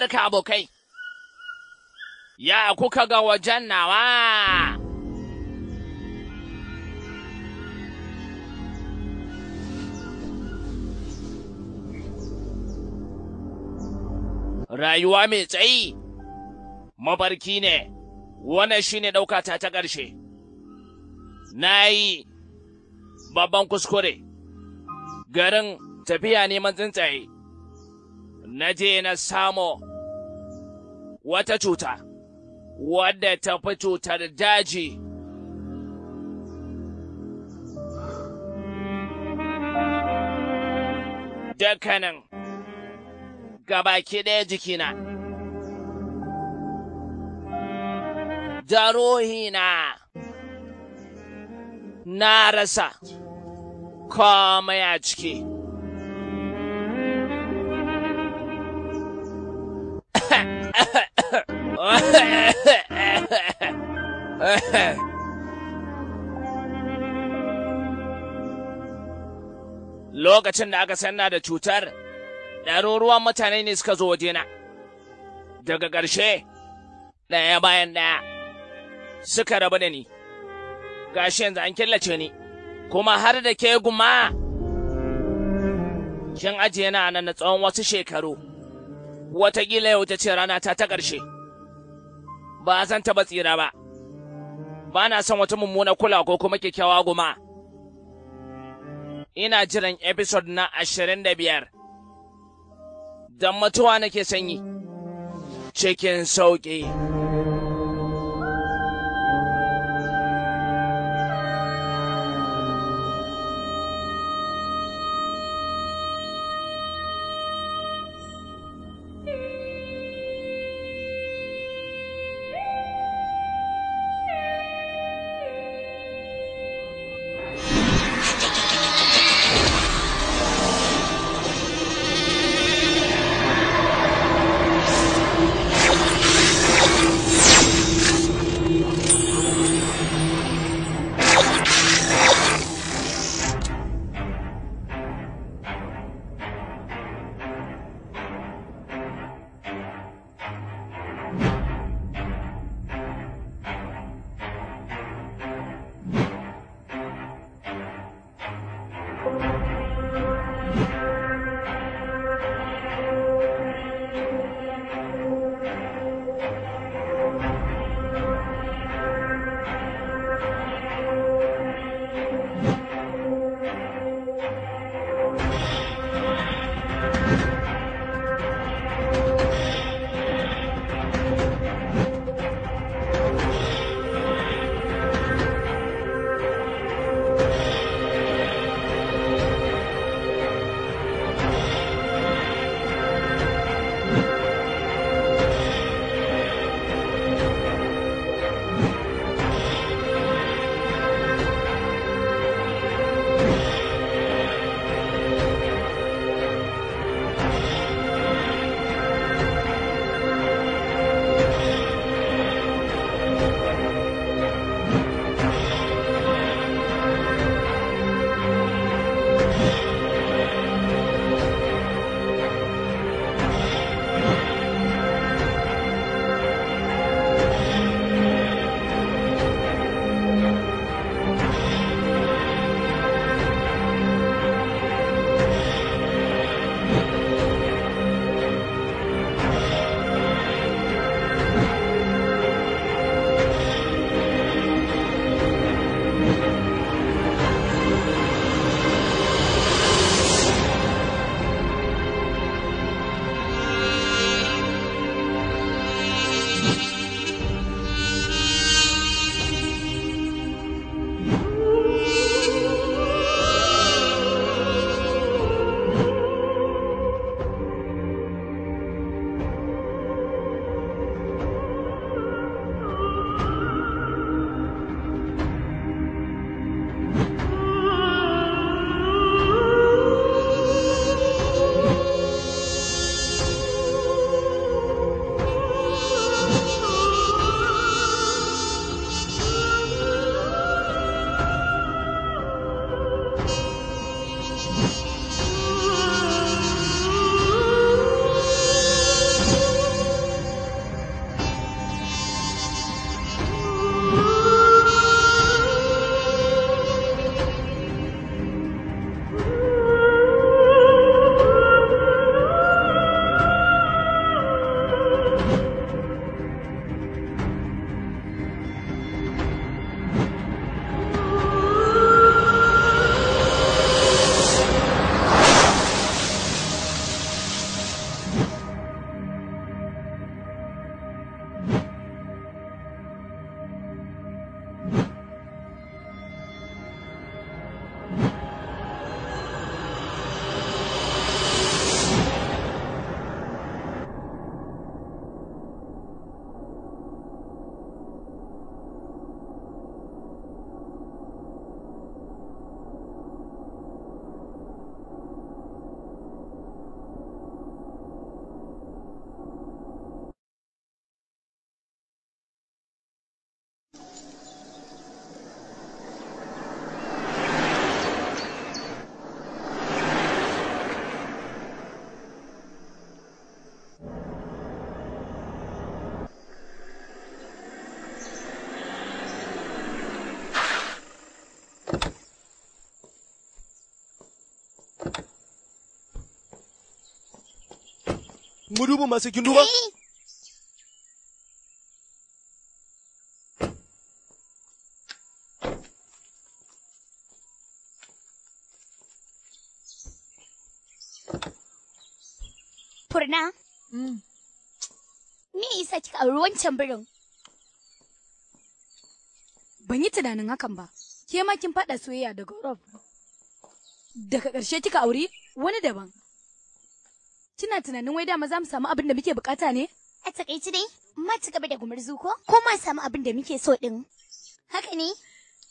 barka abokai. Ya kuka ga wajen nawa? Rayuwa mai tsayi, mabarki ne, wannan shi ne ɗaukata ta ƙarshe. Na yi babban kuskure, garin tafiya neman tsuntsaye. na je na samo wata cuta wadda ta fi cutar daji. Dakanan gabaki ɗaya jikina, da na rasa komai a ciki. Lokacin da aka sanna da cutar, ɗaruruwan mutane ne suka zo wajena. Daga ƙarshe, ɗaya bayan ɗaya, suka rabu da ni. Gashi yanzu an killace ni, kuma har da ke guma. Kin ajiye na nan na tsawon wasu shekaru, wataƙila yau ta ce rana ta ta ƙarshe. ba zan taɓa tsira ba. Ba na son wata mummuna kula ko kuma kyakkyawa goma. Ina jiran episode na ashirin da biyar. Don mutuwa nake sanyi. Cikin sauƙi. mudubin masu kin duba? Eh. Furna? Mm. Me isa kika auri wancan birin? Ban yi tunanin hakan ba, ke ma kin faɗa soyayya daga Rob. Daga ƙarshe kika auri wani daban. Kina tunanin wai dama za mu samu abin da muke bukata ne? A takaici dai, ma ci gaba da gumurzu ko? Ko ma samu abin da muke so din? Haka ne?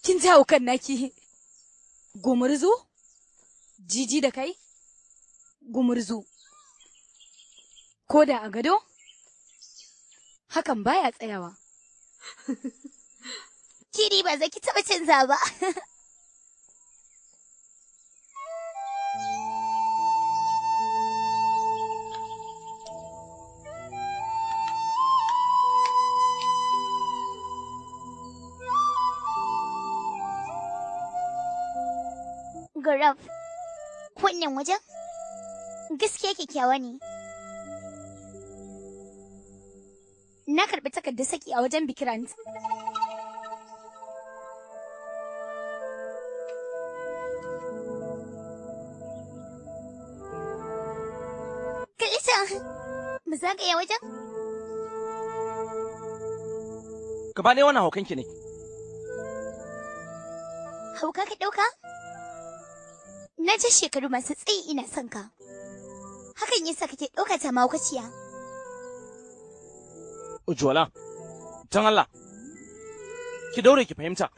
Kin jawo kan naki. Gumurzu? Jiji da kai? Gumurzu. Ko da a gado? Hakan baya tsayawa. Kiri ba zaki ki taɓa canza ba. gurav Wannan wajen? Gaskiya kyakkyawa ne. Na karɓi takardar saki a wajen Bikirant. Kalisa, mu zagaya wajen? Gaba ɗaya wannan haukanki ne. Hauka ka ɗauka? Na ji shekaru masu tsayi ina son ka. Hakan yasa kake dauka ta mahaukaciya. Ujwala, don Allah, ki daure ki fahimta.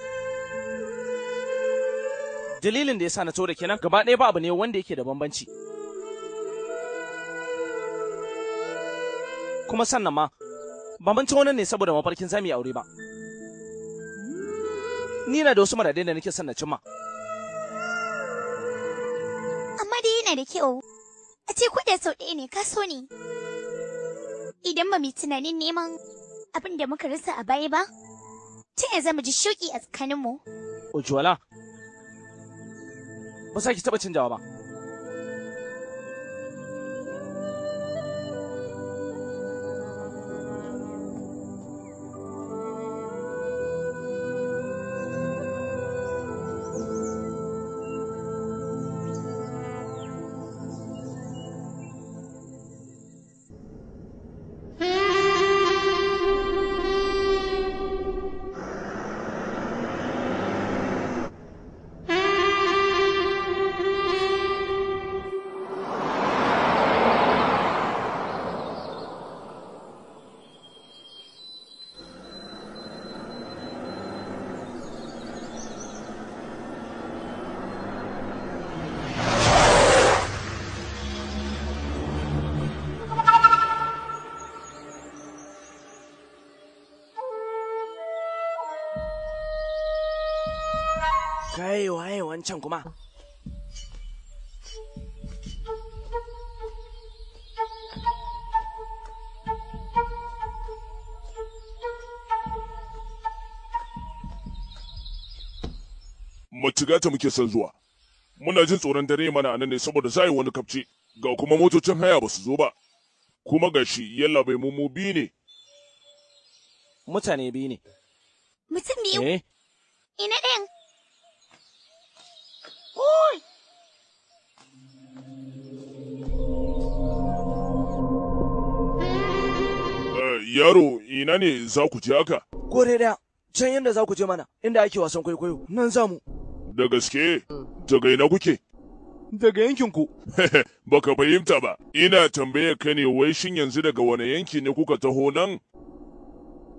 Dalilin da ya sa na da kenan gaba ɗaya ba abu ne wanda yake da bambanci. Kuma sannan ma, bambancin wannan ne saboda mafarkin zami aure ba. Ni na da wasu maradai da nake son na cimma. da kyau. A ce ko da sau ɗaya ne ka so ne. Idan ba mu tunanin neman abin da muka rasa a baya ba, tun yanzu mu ji shauƙi a tsakaninmu. Ojuwala, ba sa ki taɓa canjawa ba. kuma Maciga ta muke son zuwa, muna jin tsoron dare mana anan ne saboda za yi wani kafce, ga kuma motocin haya ba su zo ba, kuma ga shi yalla bai mummu biyu ne. Mutane biyu ne. Mutum biyu? Eh, Yaro, ina ne za ku je haka? Gore da can yadda za ku je mana, inda ake wasan kwaikwayo, nan za mu. Da gaske, daga ina kuke? Daga yankinku. Baka fahimta ba, ina tambaye ka ne wai shin yanzu daga wani yanki ne kuka taho nan?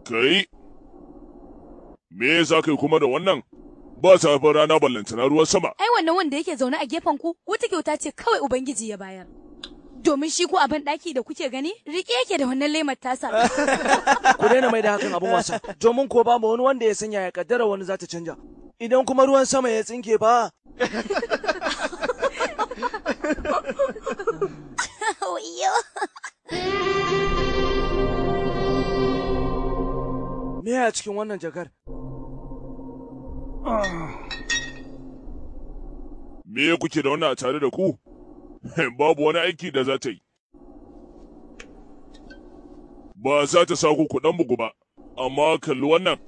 Kai, me za ka yi kuma da wannan? Ba safin rana ballantana ruwan sama. Ai wannan wanda yake zaune a gefen ku, wata kyauta ce kawai Ubangiji ya bayar. Domin shi ko abin daki da kuke gani rike yake da wannan laimar tasa. Ku daina mai da hakan abin wasa. Domin ko ba mu wani wanda ya sanya ya kaddara wani zata canja. Idan kuma ruwan sama ya tsinke ba. Me a cikin wannan jakar? Me kuke da wannan a tare da ku? babu wani aiki da za ta yi. Ba za ta sa ku kuɗan bugu ba, amma kalli wannan.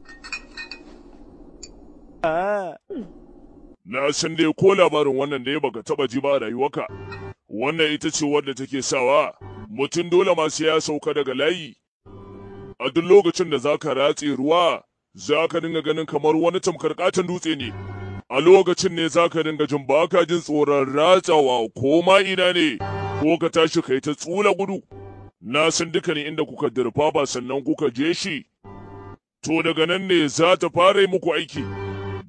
Na san dai ko labarin wannan da ya baka taba ji ba a rayuwarka. Wannan ita ce wadda take sawa mutum dole ma sai ya sauka daga layi. A duk lokacin da za ka ratse ruwa, za ka dinga ganin kamar wani tamkar katon dutse ne. a lokacin ne za ka dinga jin ba ka jin tsoron ratsawa ko ma ina ne ko ka tashi kai ta tsula gudu na san duka ne inda kuka dirfa ba sannan kuka je shi to daga nan ne za ta fara muku aiki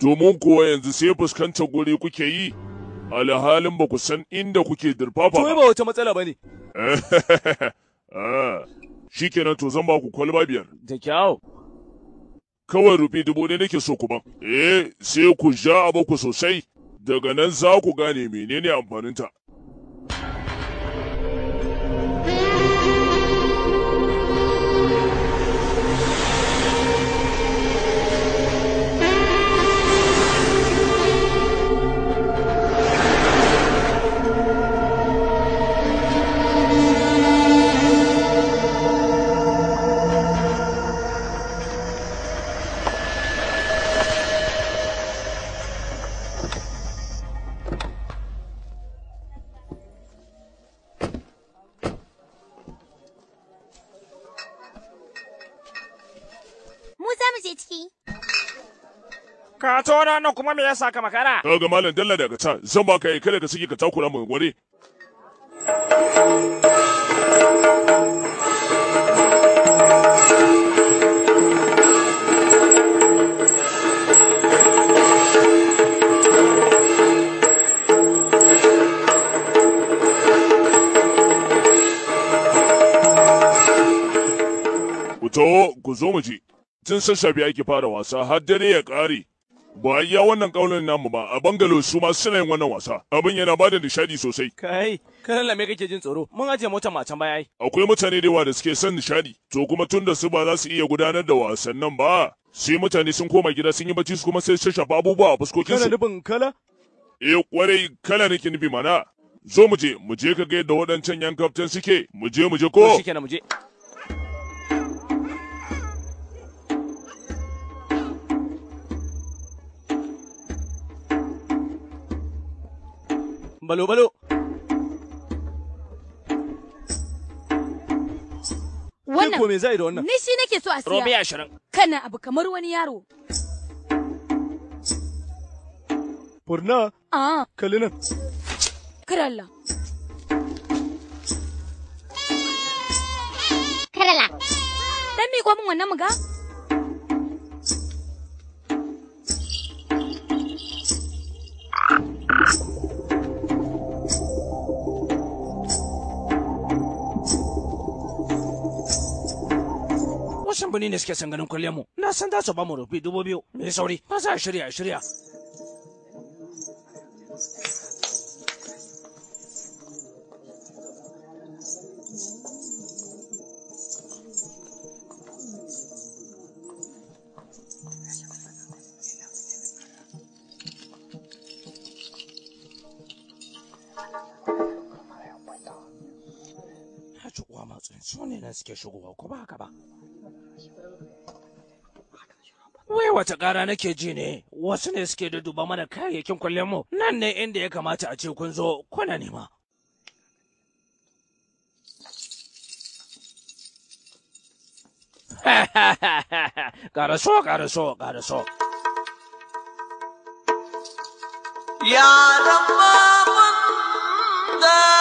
domin kuwa yanzu sai fuskantar guri kuke yi alhalin ba ku san inda kuke dirfa ba. ba wata matsala ba ne. Ah, shikenan to zan ba ku kwalba biyar. Da kyau. kawai rufi dubu ne nake so kuma. Eh, sai ku ja a baku sosai, daga nan za ku gane menene amfaninta. Ka to nan kuma me yasa ka makara? Ka ga malam Dalla daga can zan baka yi kada ka saki ka takura mu gware. Ku ku zo mu ji. Tun sassafe ake fara wasa har dare ya ƙare. ba iya wannan ƙaunin namu ba a bangalo su ma suna yin wannan wasa abin yana bada nishadi sosai kai kana lame kake jin tsoro mun ajiye mota ma can baya akwai mutane da yawa da suke son nishadi to kuma tun da su ba za su iya gudanar da wasannan ba sai mutane sun koma gida sun yi bacci su kuma sai shafa abubuwa a fuskokin su kana nufin kala eh kwarai kala nake nufi mana zo mu je mu je ka ga yadda waɗancan yan kaftan suke mu je mu je ko shikenan mu je balo-balo. Wannan ko me zai da wannan? Ni shi nake so a siya. Robi ashirin. Kana abu kamar wani yaro. Furna. Ah. Kalina. nan. Karalla. Karalla. Dan miko min wannan muga? kamfanoni ne suke sanganin ganin kwalliyar mu na san za su ba mu rufi dubu biyu mai sauri ba za a shirya a shirya Su ne suke shigowa ko ba haka ba. Wai wata ƙara nake ji ne, wasu ne suke da duba mana kayayyakin kullum? mu nan ne inda ya kamata a ce kun zo kuna nema. ha ƙaraso, ƙaraso. Yaran da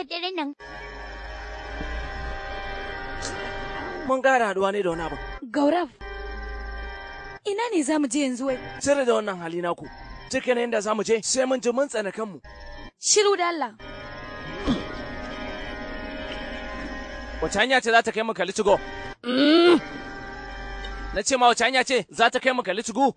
ka dare nan. Mun gara haɗuwa ne da wani abu. Gaurav, ina ne za mu je yanzu wai? Sirri da wannan hali naku, cikin inda za mu je sai mun ji mun tsana kanmu. Shiru da Allah. Wace hanya ce za ta kai mu kalli cigo? Mm. Na ce ma wace hanya ce za ta kai mu kalli cigo?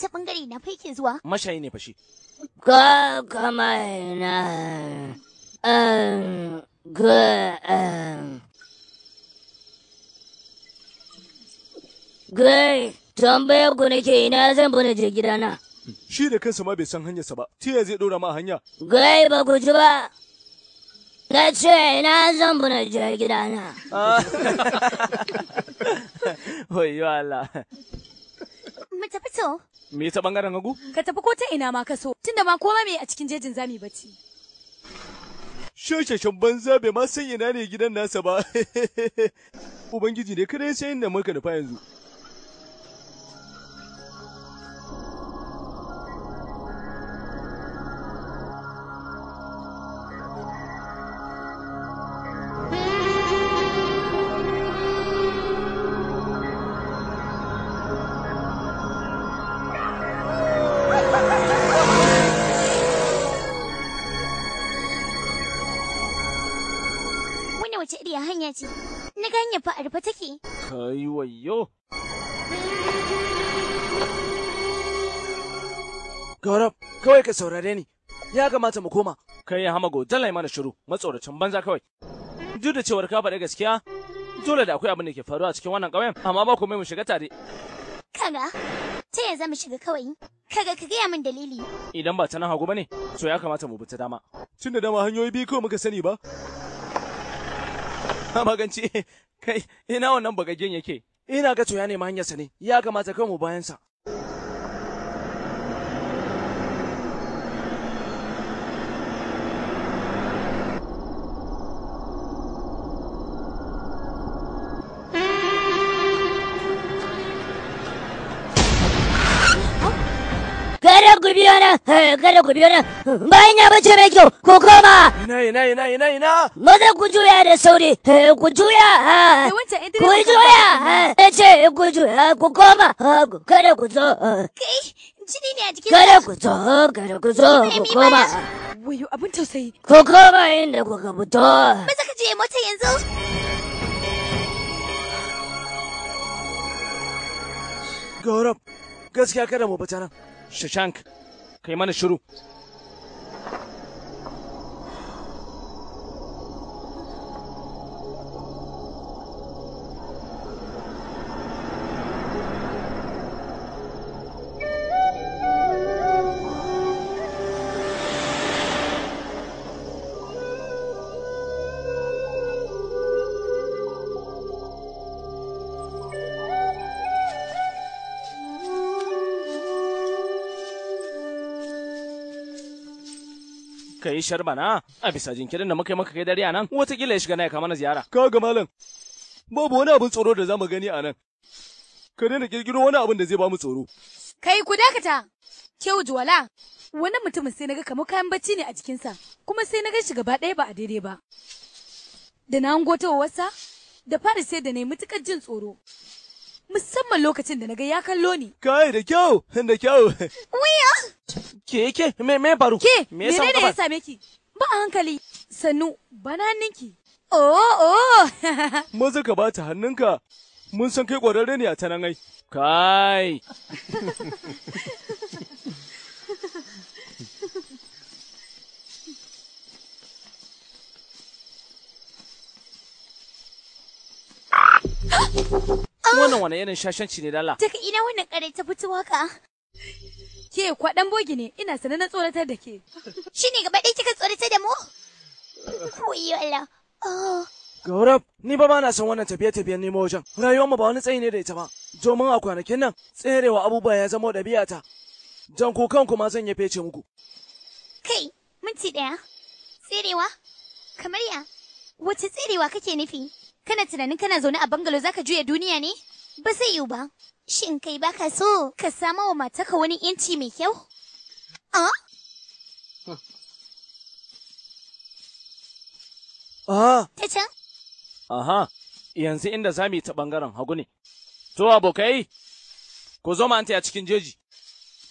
ta bangare na fa yake zuwa mashayi ne fa shi ka kama na um, ga um, Gray, tambaya ku nake ina zan bane je gidana. Shi da kansa ma bai san hanyarsa ba, tiya zai dora ma hanya? Gai ba ku ji ba. Na ce ina zan bane je gidana. Wayyo Allah. mu tafi Me yasa bangaren hagu? Ka tafi ko ta ina ma ka so, tunda ma kowa me a cikin jejin zami bacci. Shashashin banza bai ma san ina ne gidan nasa ba. Ubangiji ne kada ya sayin da muka nufa yanzu. ci, na ganye fa a take. Kai wayo. Gaurab, kawai ka saurare ni, ya kamata mu koma. Kai ya hamago, dala mana shiru, matsoracin banza kawai. Duk da cewar ka faɗi gaskiya, dole da akwai abin da ke faruwa cikin wannan ƙauyen, amma ba mai mu shiga tare. Kaga, ta ya mu shiga kawai? Kaga ka gaya min dalili. Idan ba ta nan hagu ba ne, to ya kamata mu bi ta dama. Tun da dama hanyoyi biyu kawai muka sani ba. magance kai ina wannan bagagen yake ina ga to ya nema hanyarsa ne ya kamata kai mu bayansa kada ku biyo nan kada ku bayan ya bace mai kyau ko koma ina ina ina ina ina maza ku juya da sauri ku juya ku juya na ce ku juya ku koma kada ku zo jini ne a kada ku zo kada ku zo ku koma wayo abin tausayi ku koma inda kuka fito Maza ka je mota yanzu Gaurab, gaskiya kada mu bata nan. shashank kai mana shiru yi na a bisa jinkirin da muka yi maka kai dare a nan wataƙila ya shiga na ya kama na ziyara. Kaga malam babu wani abin tsoro da za mu gani a nan. Ka daina kirkiro wani abin da zai ba mu tsoro. Kai ku dakata, kyau juwala. Wani mutumin sai naga kamar kayan bacci ne a jikinsa, kuma sai naga shi gaba ɗaya ba a daidai ba. Da na hango ta wasa, da fara sai da na yi matuƙar jin tsoro. musamman lokacin da naga ya kallo ni. Kai da kyau, da kyau. Wuya! Ke ke me me faru? Ke me ne ya same ki? Ba a hankali. Sannu bananinki. Oh oh. Maza ka bata hannunka. Mun san kai ƙwararre ne a tanan ai. Kai. Ha! Kuma wannan wani irin shashanci ne dala. Taka ina wannan kare ta fito waka. Ke kwaɗan bogi ne ina sanar na tsoratar da ke. Shi ne gaba ɗaya kika tsoratar da mu? Oyo Allah. Gaurab, ni ba na son wannan tafiye-tafiyen nemo wajen. Rayuwarmu ba wani tsayi ne da ita ba. Domin a kwanakin nan tserewa abubuwa ya zama ɗabi'a ta. Dan ku kanku ma zan ya fece muku. Kai, minti ɗaya. Tserewa? Kamar ya? Wace tserewa kake nufi? Kana tunanin kana zaune a bangalo za ka juya duniya ne? Ba zai yiwu ba. Shin kai baka so ka sama wa mataka wani inci mai kyau? A! Ah? A! Ah. Ta can? Aha, yanzu inda za mu yi ta ɓangaren hagu ne. To abokai, ku zo ma'anta a cikin jeji,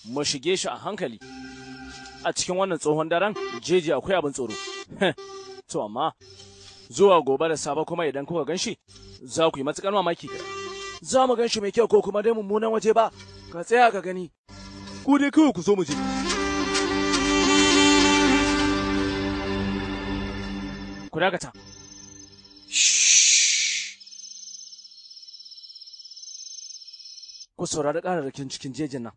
mu shige shi a hankali. A cikin wannan tsohon daren, jeji akwai abin tsoro. To amma, zuwa gobe da safe kuma idan kuka gan shi za ku yi matukar mamaki ka za mu gan shi mai kyau ko kuma dai mummunan waje ba ka tsaya ka gani ku dai kawai ku zo mu je ku dakata ku saurari ƙararrakin cikin jejin nan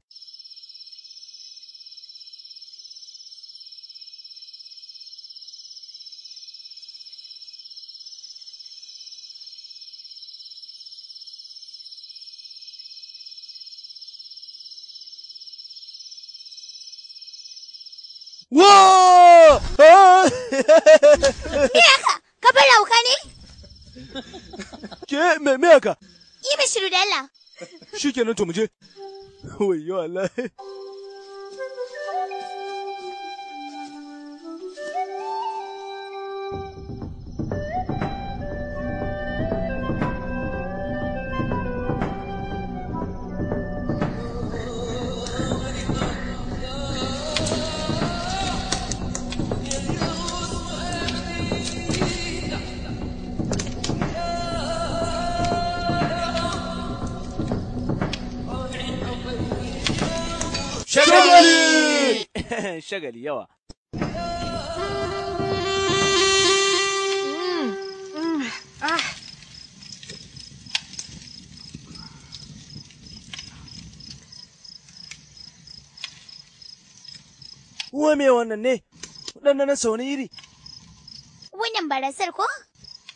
me me ka Yi bishiru da Allah. Shikenan to mu je. Wayyo Allah. wannan shagali yawa. Uwa me wannan ne? Waɗannan na wani iri? Wannan barasar ko?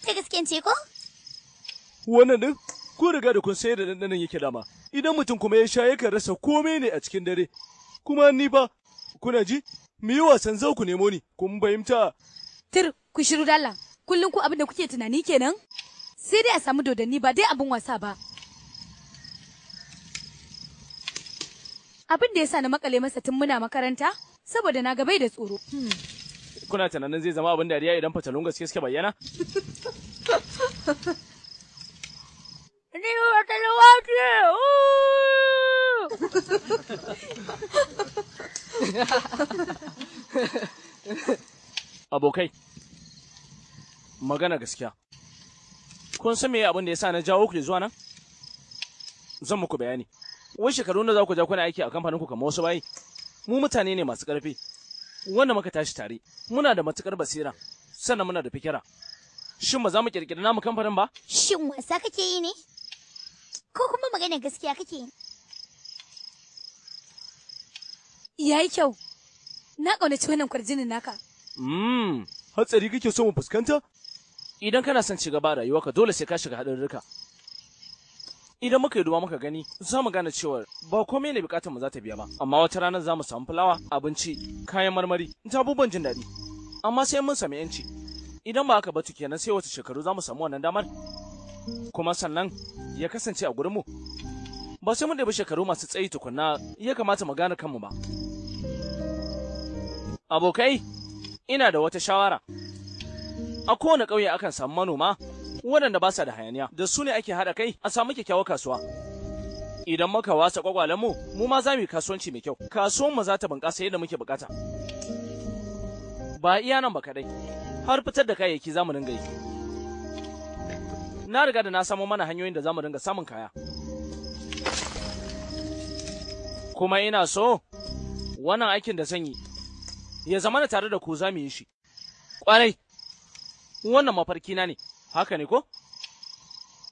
Ta gaske ce ko? Wannan ɗin, Ko riga da kun sayar da ɗanɗanin yake dama. Idan mutum kuma ya sha yakan rasa komai ne a cikin dare. Kuma ni ba kuna ji? Mu yi wasan zau ku nemo ni, kun fahimta. Tir, ku shiru dala, kullum ku abin da kuke tunani kenan? Sai dai a samu dodanni ba dai abin wasa ba. Abin da ya sa na makale masa tun muna makaranta, saboda na gabai da tsoro. Hmm. Kuna tunanin zai zama abin dariya idan fatalun gaske suke bayyana? Ni wata lawa ce! Abokai, magana gaskiya. Kun san me abin da ya sa na jawo ku zuwa nan? Zan muku bayani. Wai shekaru da za ku ja kuna aiki a kamfanin ku kamar wasu bayi. Mu mutane ne masu ƙarfi. Wanda muka tashi tare, muna da matukar basira, sannan muna da fikira. Shin ba za mu kirkiri namu kamfanin ba? Shin wasa kake yi ne? Ko kuma magana gaskiya kake yi? Yayi kyau. Na ƙaunaci wannan kwarjinin naka. Mmm, hatsari kake so mu fuskanta? Idan kana son ci gaba rayuwa ka dole sai ka shiga haɗarurruka. Idan muka yi duba muka gani, za mu gane cewa ba komai ne bukatar mu za ta biya ba, amma wata ranar za mu samu fulawa, abinci, kayan marmari, ta abubuwan jin daɗi. Amma sai mun sami yanci. Idan ba haka ba to kenan sai wata shekaru za mu samu wannan damar. Kuma sannan ya kasance a gurinmu. ba sai mun ɗebi shekaru masu tsayi tukunna ya kamata mu gane kanmu ba. Abokai, ina da wata shawara. A kowane ƙauye akan samu manoma waɗanda ba sa da hayaniya, da su ne ake haɗa kai a samu kyakkyawar kasuwa. Idan muka wasa mu mu ma za mu yi kasuwanci mai kyau. Kasuwan mu za ta bunƙasa yadda muke buƙata. Ba iya nan ba kaɗai, har fitar da kayayyaki za mu dinga yi. Na riga da na samo mana hanyoyin da za mu dinga samun kaya. kuma ina so wannan aikin da zan yi ya zama na tare da ku za mu yi shi. Ƙwarai, wannan mafarki na ne, haka ne ko?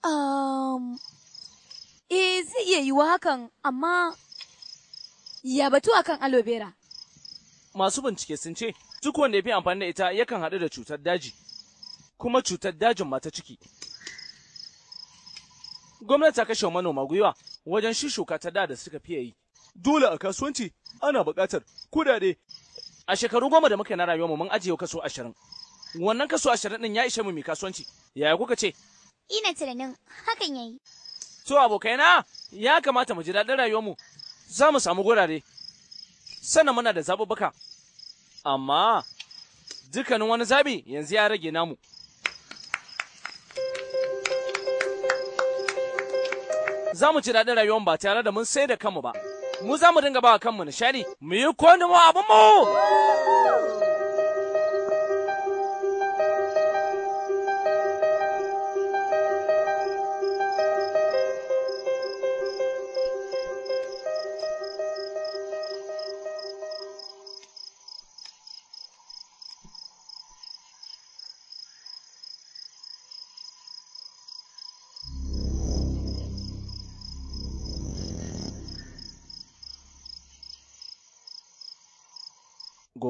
Um, eh zai iya yiwa hakan, amma ya batu akan aloe vera. Masu bincike sun ce, duk wanda ya fi amfani da ita yakan haɗu da cutar daji, kuma cutar dajin mata ciki. Gwamnati ta kashe manoma gwiwa wajen shuka ta da da suka fiye yi. dole a kasuwanci ana buƙatar kudade. A shekaru goma da muka na rayuwa mu mun ajiye kaso ashirin. Wannan kaso ashirin din ya ishe mu mai kasuwanci. Yaya kuka ce? Ina tunanin hakan yayi. To abokaina ya kamata mu ji daɗin rayuwar mu. Za mu samu gurare. Sannan muna da zaɓuɓɓuka. Amma dukkanin wani zaɓi yanzu ya rage namu. Za mu ci daɗin rayuwar ba tare da mun sai da kanmu ba. mu za mu dinga ba kanmu nishadi mu yi konu mu mu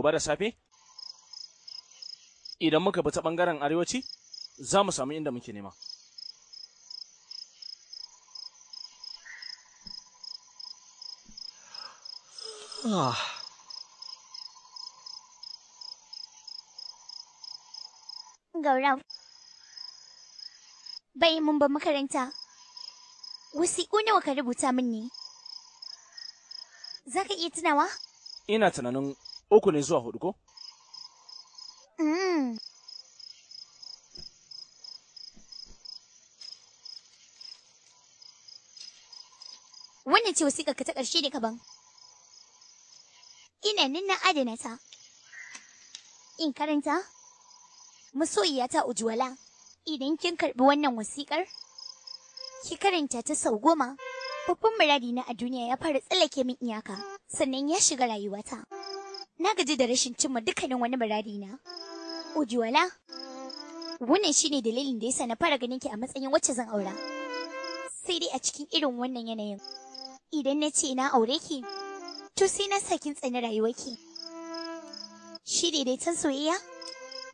gobe da safe idan muka bi ta ɓangaren arewaci za mu samu inda muke nema. Ah. Gaurav, bai mun ba makaranta, wasiƙu nawa ka rubuta min ne? Za ka iya tunawa? Ina tunanin uku ne zuwa hudu ko? Mm. Wannan ce wasiƙa ta ƙarshe da kaban. Ina nan na adana ta. In karanta? Masoyiyata Ujuwala, idan kin karɓi wannan wasiƙar, ki karanta ta sau goma. Babban muradi na a duniya ya fara tsallake min iyaka, sannan ya shiga rayuwata. Na gaji da rashin cimma dukkanin wani muradi na. Ujuwala, wannan ne dalilin da ya sa na fara ganin ki a matsayin wacce zan aura. Sai dai a cikin irin wannan yanayin. Idan na ce na aure ki, to sai na kin tsani ki. Shi daidaiton soyayya?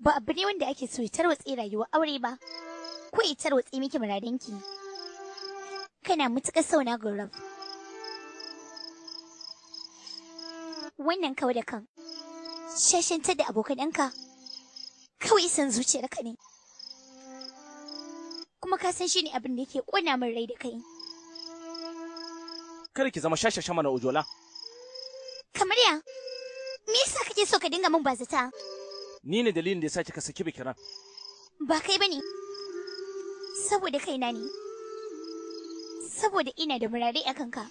ba abu ne wanda ake so ya tarwatse rayuwar aure ba ko ya tarwatsi miki muradanki kana mutuƙar sauna gurab wannan kawai da kan shashantar da abokan ɗanka kawai san zuciyarka ne kuma ka san shi ne abin da yake ƙona min rai da kai Kar ki zama shashasha mana ujola kamar ya me yasa kake so ka dinga min bazata ni ne dalilin da yasa kika saki bikiran ba kai bane saboda kaina ne saboda ina da murare a kanka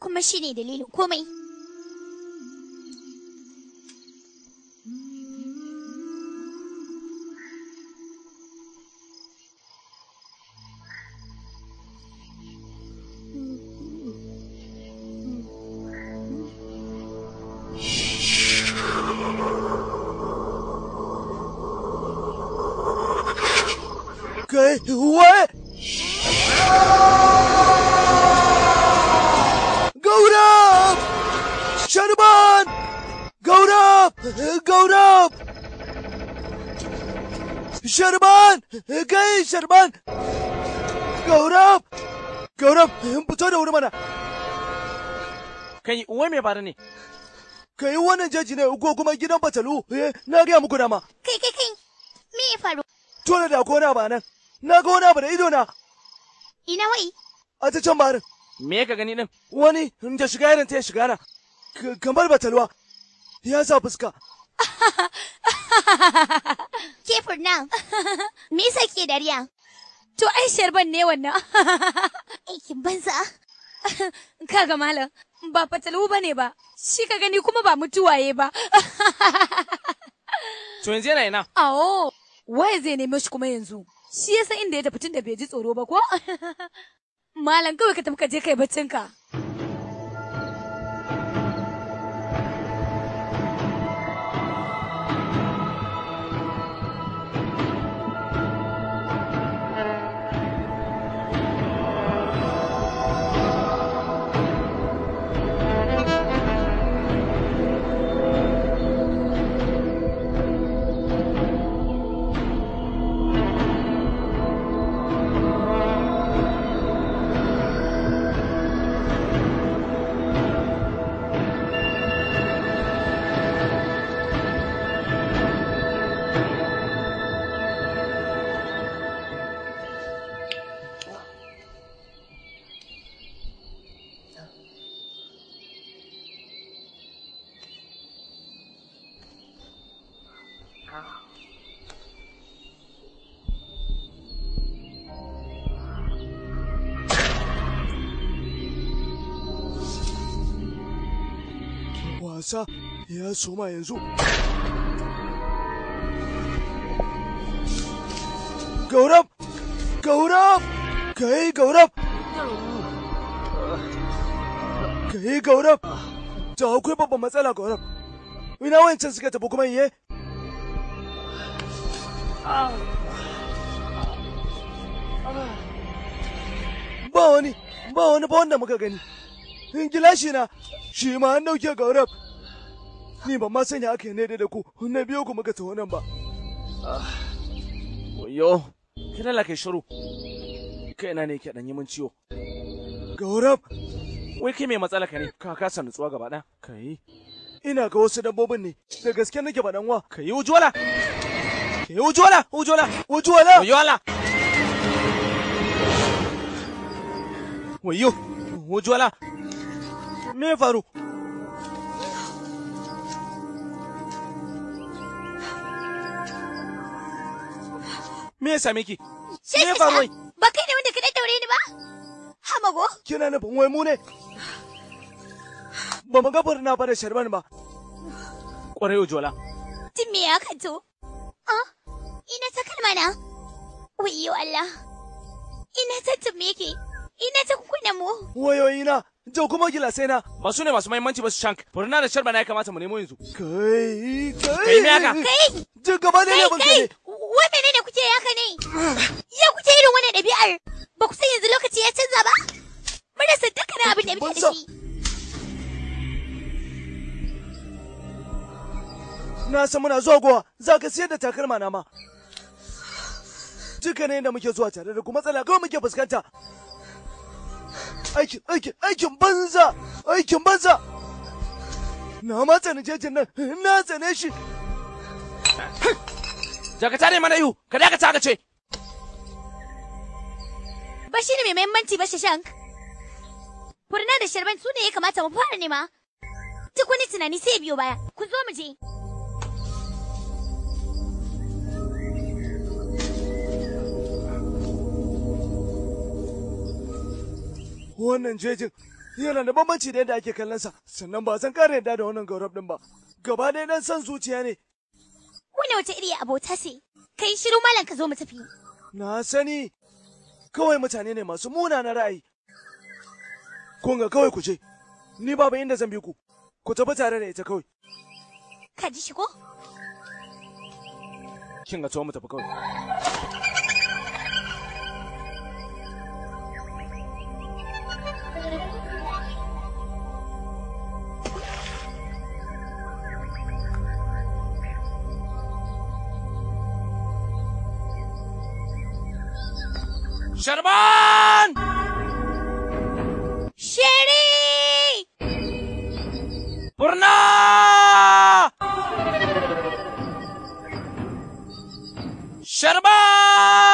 kuma shine dalilin komai Ouais Goat up! Shut him on! up! up! Shut him on! Kai, shut him on! Goat up! up! da wuri mana! Kai, uwai mai faru ne? Kai wannan jaji ne ko kuma gidan batalu eh, na gaya muku dama. Kai, kai, kai! Me faru? da kona ba nan. Na ga wani abu da ido na. Ina wai? A ta can barin. Me ka gani din? Wani da shiga irin ta ya shiga na. Kamar batalwa. Ya sa fuska. Ke nan. Me yasa ke dariya? To ai sharban ne wannan. Aikin banza. Kaga malam, ba fatalu bane ba. Shi ka gani kuma ba mutuwaye ba. To yanzu yana ina. Awo, waye zai neme shi kuma yanzu? Shi yasa inda ya tafi tun da bai ji tsoro ba ko? Malam kawai ka tafi ka je kai baccinka. wasa ya soma yanzu gaurab gaurab kai gaurab kai gaurab ta akwai babban matsala gaurab ina wancan suka tafi kuma iye ba wani ba wani ba wanda muka gani gilashi na shi ma an dauke gaurab ni ba ma sanya aka yi ne da ku na biyo ku muka taho nan ba. Ah, wayo, kina la kai shiru. Kaina ne ke ɗanyi min ciwo. Gaurab! Wai kai mai matsala ka ne, ka kasa nutsuwa gaba ɗaya. Kai. Ina ga wasu dabbobin ne, da gaske nake ba ɗan wa. Kai ujuwala. Kai ujuwala, ujuwala, ujuwala. Ujuwala. Wayo! ujuwala. Me faru? me ya same ki me ya faru ba kai ne wanda ka daure ni ba hamago kina nufin wai mu ne ba mu gabar na ba da sharban ba kwarai ujola tun me ya kanto ah ina ta kalma na wayo Allah ina ta tun ki ina ta kuna mu wayoyi na Jo kuma gilasai na ba su ne masu mahimmanci ba su shank. Furna da sharba na ya kamata mu nemo yanzu. Kai kai. Kai me haka? Kai. Jin gaba ne ne ban kai. Wai menene kuke yaka ne? Ya kuke irin wani ɗabi'ar? Ba ku san yanzu lokaci ya canza ba? Marasa san dukkanin abin da muke da shi. Na san muna zuwa gowa, za ka siyar da takalma na ma. Dukkanin da muke zuwa tare da kuma matsala kawai muke fuskanta. Aikin, aikin, aikin banza, aikin banza. Na ma tsani jejin nan, na tsane shi. dakata ne mana ihu ka dakata ka ce ba shi ne mai mahimmanci ba shashank furna da sharban su ne ya kamata mu fara nema duk wani tunani sai biyo baya ku zo mu je wannan jejin yana da bambanci da yadda ake kallonsa sannan ba zan kare yadda da wannan gaurab din ba gaba ɗaya dan san zuciya ne Wani wace iri abota ka yi shiru malam ka zo mu tafi. Na sani. Kawai mutane ne masu muna na ra'ayi. Kun ga kawai ku je. Ni babu inda zan bi ku. Ku tafi tare da ita kawai. Ka ji shigo? Kin ga tsohon mu tafi kawai. Sherman! Sherry! Purna! Sherman!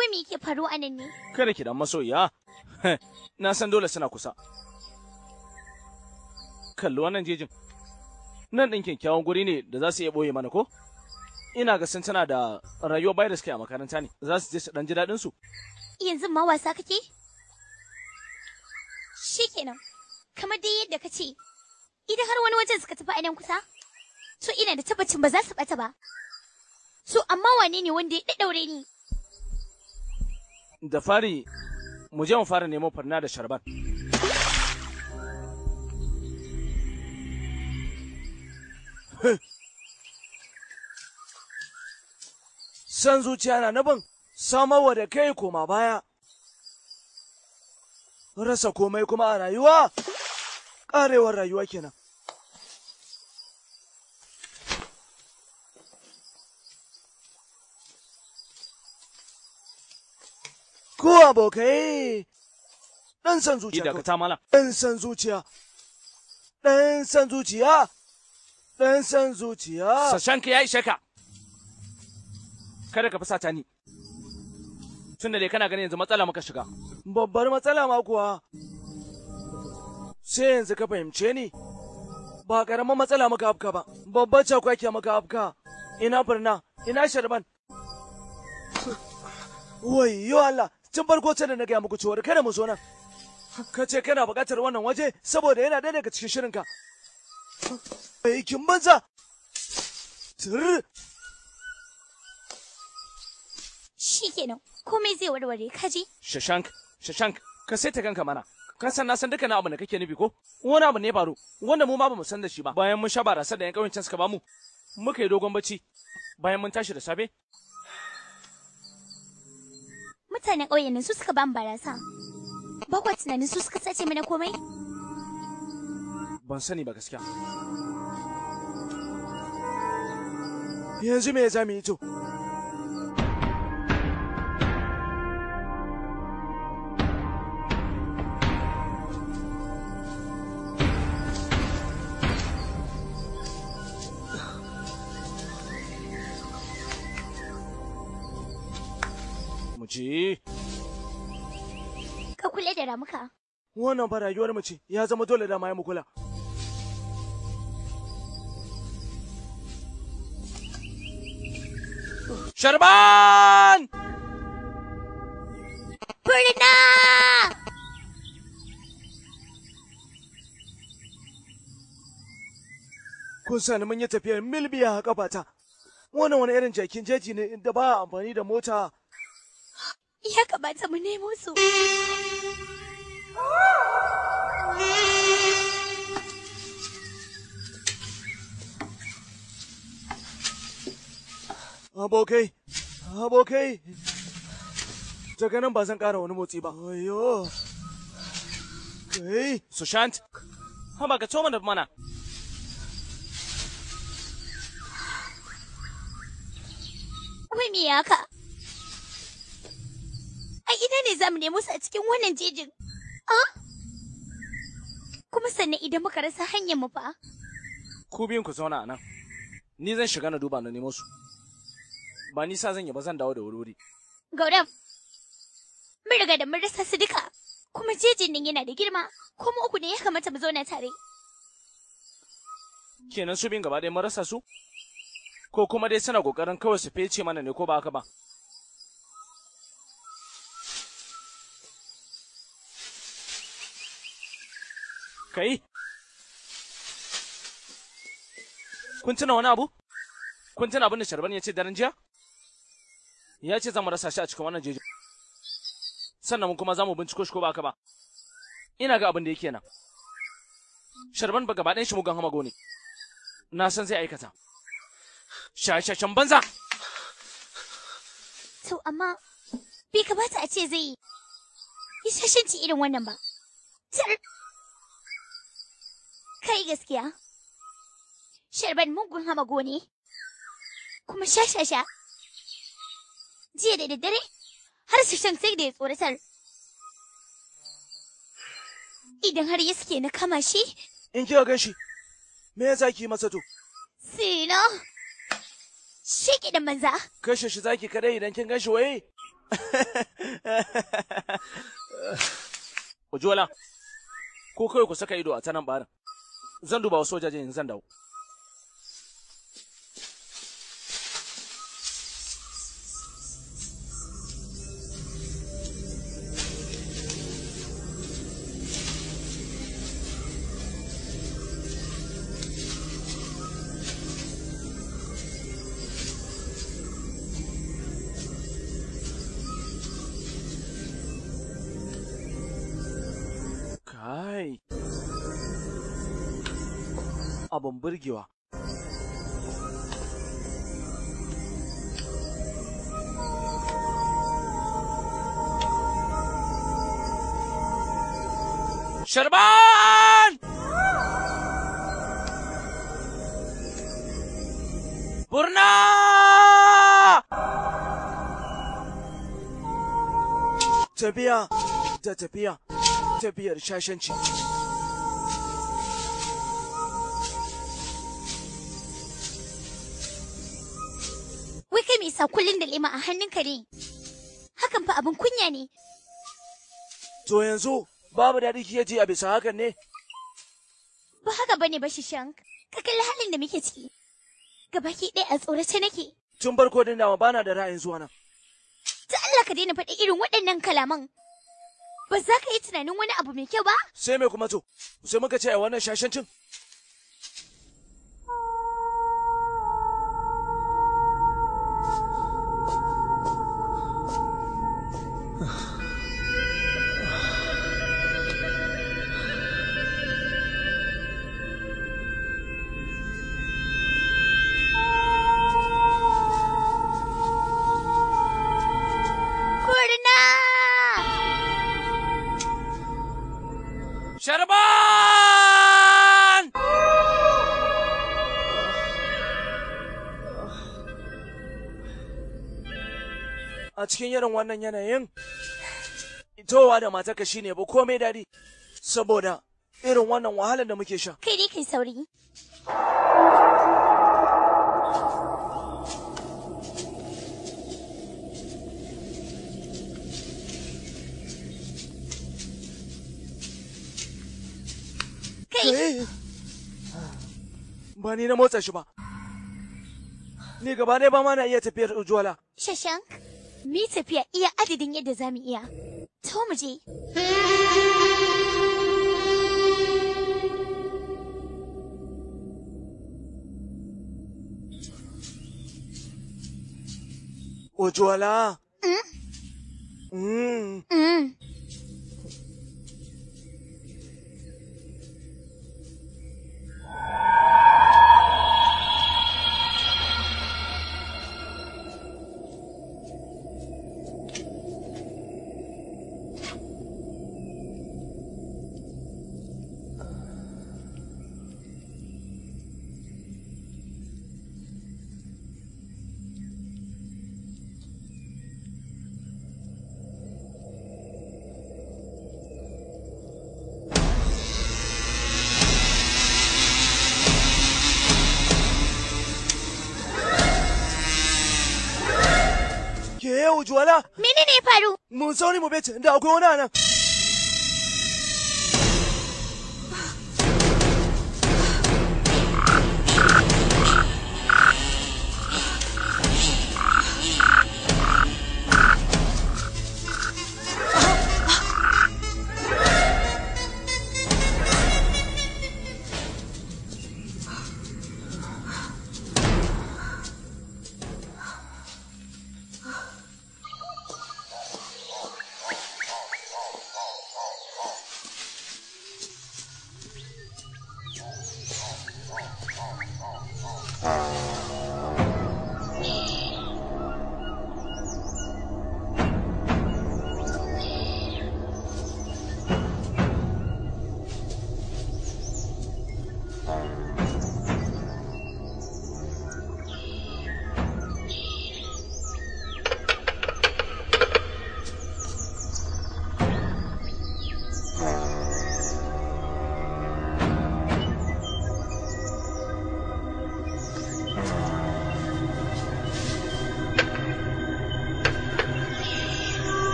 wai me yake faru a nan ne? Kada ki dan masoyiya. Na san dole suna kusa. Kalli wannan jejin. Nan ɗin kyakkyawan guri ne da za su iya ɓoye mana ko? Ina ga sun tana da rayuwar bai da suke a makaranta ne. Za su je su ɗan ji daɗin su. Yanzu ma wasa kake? Shikenan. Kamar dai yadda ka ce, idan har wani wajen suka tafi a nan kusa, to ina da tabbacin ba za su ɓata ba. to amma wane ne wanda ya ɗaɗɗaure ni? da fari mu je mu fara nemo farna da sharbat San zuciya na nabin samarwa da kai koma baya. Rasa komai kuma a rayuwa, Karewar rayuwa kenan. ko abokai ɗan san zuciya kawai. Dakata malam. Ɗan san zuciya. Ɗan san zuciya. Ɗan san zuciya. Sashanka ya ishe ka. Kada ka sata ni. Tunda dai kana ganin yanzu matsala muka shiga. Babbar matsala ma kuwa. Sai yanzu ka fahimce ni. Ba ƙaramin matsala muka afka ba. Babbar ke muka afka. Ina birna, ina sharban. wayo Allah, tun farko ce da na gaya muku cewar kada mu zo nan ka ce kana buƙatar wannan waje saboda yana ɗaya daga cikin shirinka aikin banza tur shikenan komai zai warware kaji shashank shashank ka sai ta kanka mana ka san na san dukkan abu da kake nufi ko wani abu ne faru wanda mu ma bamu san da shi ba bayan mun sha barasa da yan kauyen can suka bamu muka yi dogon bacci bayan mun tashi da safe Mutanen ƙauyen nan su suka ban barasa. Ba tunanin su suka sace mana komai? Ban sani ba gaskiya. Yanzu me ya za yi to? ce. Ka kula da ramuka. Wannan ba rayuwar mace ya zama dole da ya mu kula. Sharban! Furna! Kun sani mun yi tafiyar mil biya a kafata. Wannan wani irin jakin jeji ne da ba amfani da mota ya kamata mu nemo su. Abokai, abokai, daga nan ba zan ƙara wani motsi ba. Ayo, kai, Sushant, haba ka toma da mana. Wai me ya ka? Ai ina ne za mu nemo su a cikin wannan jejin? Kuma sannan idan muka rasa hanyar mu fa? Ku biyun ku zauna a nan. Ni zan shiga na duba na nemo su. Ba nisa zan yi ba zan dawo da wuri. Gauram, mun riga da mun rasa su duka. Kuma jejin nan yana da girma, kuma uku ne ya kamata mu zauna tare. Kenan su biyun gaba ɗaya mun rasa su? Ko kuma dai suna ƙoƙarin kawai su fece mana ne ko ba haka ba? Kai? Kun tuna wani abu? Kun tuna abin da Sharban ya ce daren jiya? Ya ce za mu rasa shi a cikin wannan jeji. Sannan mun kuma za mu binciko shi ko ba ka ba. Ina ga abin da yake nan. Sharban ba gaba ɗayan shi mugan hamago ne. Na san zai aikata. Shashashan banza! To amma bai kamata a ce zai yi. Yi shashanci irin wannan ba. kai gaskiya. Sharban mugun hamago ne, kuma sha-sha-sha. Jiya da daddare, har su shan sai da ya tsoratar. Idan har ya suke na kama shi? In kika gan shi, me yasa ki masa to? Sino, shi da manza. Kashe shi zaki kadai idan kin gan shi waye? Ujola, ko kai ku saka ido a ta nan barin. zan duba wasu wajajen zan dawo abin burgewa. Sharban! Burna! Tafiya da tafiya, tafiyar shashanci. sa kullum da lema a hannunka ne. Hakan fa abin kunya ne. To yanzu babu daɗi kike ji a bisa hakan ne? Ba haka bane ba shi shank. Ka kalli halin da muke ciki. Gaba ki ɗaya a tsorace nake. Tun farko din dama bana da ra'ayin zuwa nan. Ta Allah ka daina faɗi irin waɗannan kalaman. Ba za ka yi tunanin wani abu mai kyau ba? Sai me kuma to? Sai muka ce a wannan shashancin? wannan yanayin towa da shi ne ba komai daɗi saboda irin wannan wahalar da muke sha. Kai ne kai sauri. Ba ni na motsa shi ba. Ni gaba ne ba ma na iya tafiyar ujwala. Shashank. Mi tafiya iya adadin yadda za mu iya. To mu je. Ojwala. Mm. Mm. Mm. ujwala? Menene faru? Mun sauni mu bece, da akwai wani anan.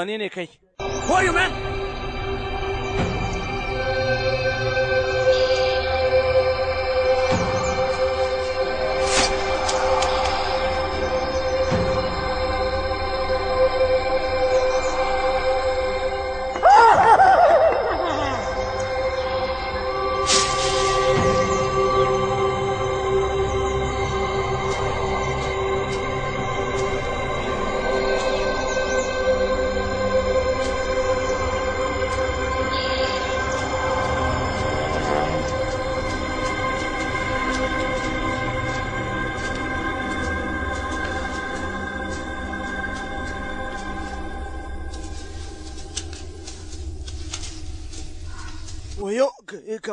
wane ne kai? Who are you man?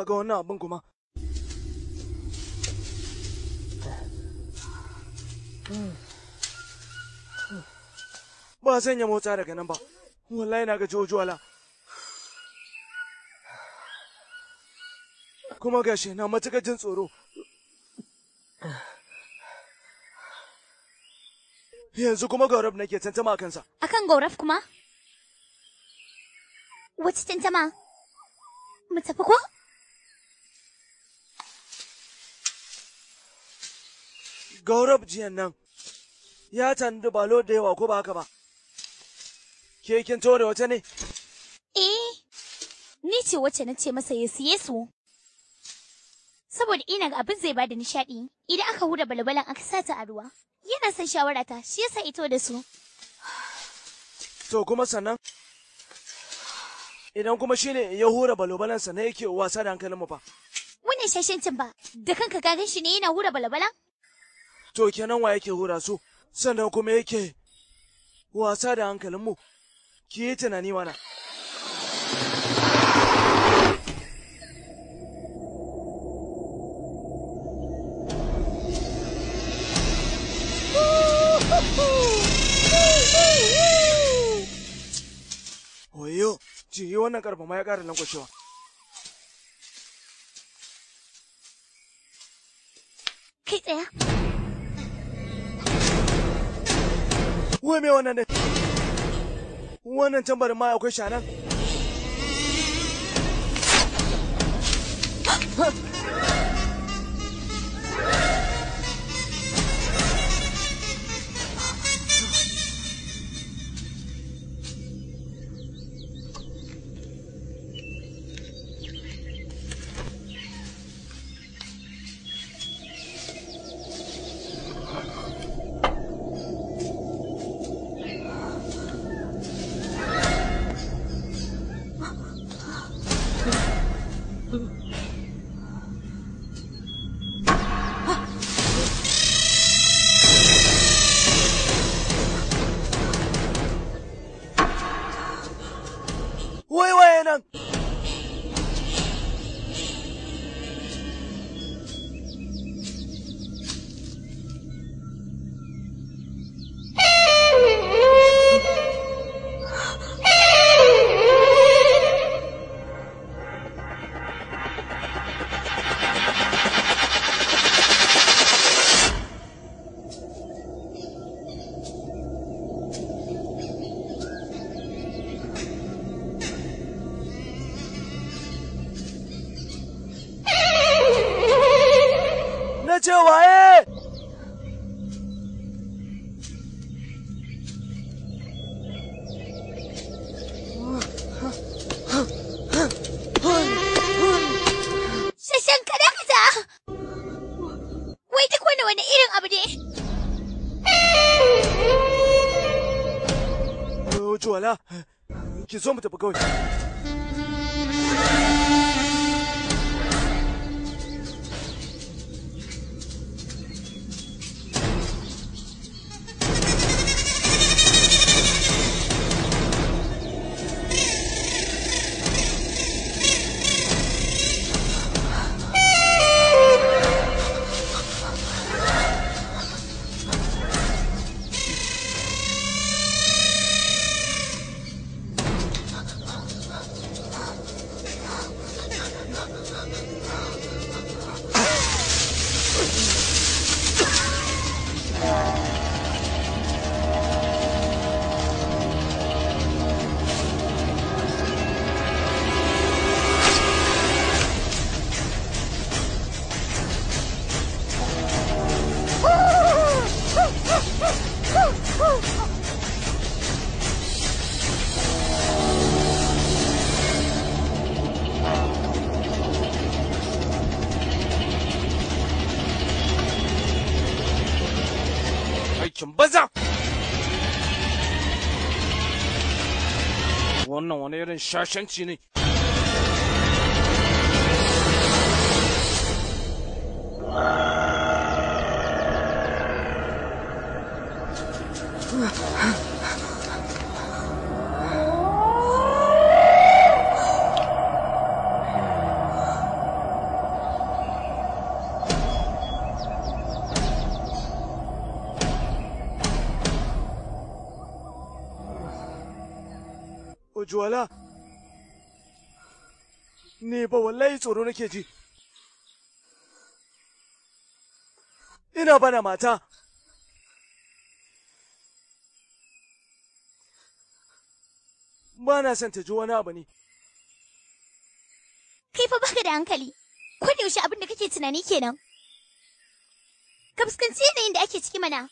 ga wannan abin kuma ba zan yi motsa daga nan ba wallahi na ga jojuwala kuma gashi na matuƙar jin tsoro yanzu kuma gaurab nake tantama a kansa akan gaurab kuma wace tantama mu tafi ko gaurab jiyan nan ya tandu balo da yawa ko ba haka ba ke kin tore wata ne eh ni ce wacce na ce masa ya siye su saboda ina ga abin zai bada nishadi idan aka hura balbalan aka sata a ruwa yana son shawara ta shi yasa ito da su to kuma sannan idan kuma shine ya hura balbalan sa ne yake wasa da hankalin mu fa wannan cin ba da kanka ka gan shi ne yana hura balbalan to kenan wa yake hura su sannan kuma yake wasa da hankalinmu ki yi tunani mana Oyo, ci yi wannan karfa ma ya ƙara lankwashewa. Kai tsaya. Wai me wannan ne? Wannan tambarin ma akwai shanan? Santos. 傻生信你。tsoro nake ji. Ina bana mata. Ba na son ta ji wani abu ne. Kai fa baka da hankali. Ko da yaushe abin da kake tunani kenan. Ka fuskanci yanayin da ake ciki mana.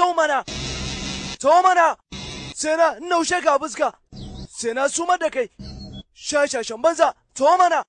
taho mana taho mana naushe ka fuska sai na sumar da kai shashashan banza taho mana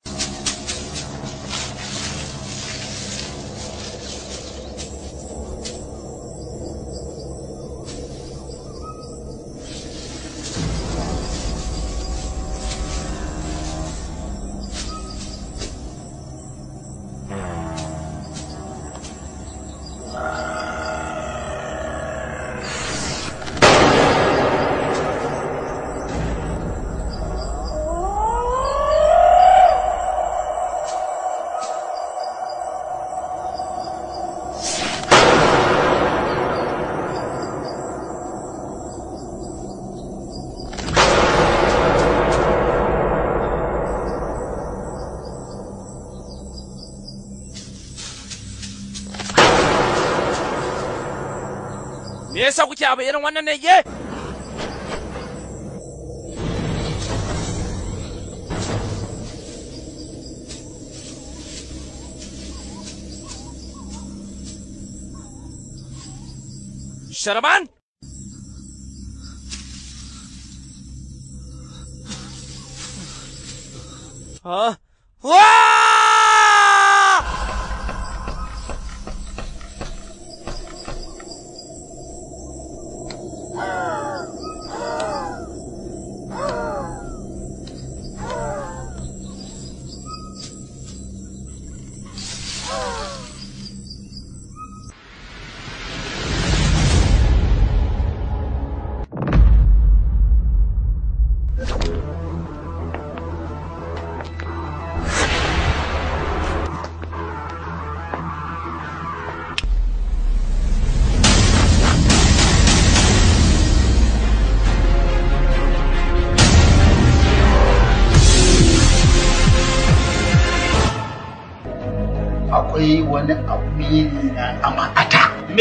యాభై ఏను వన్ నెయ్యే شربان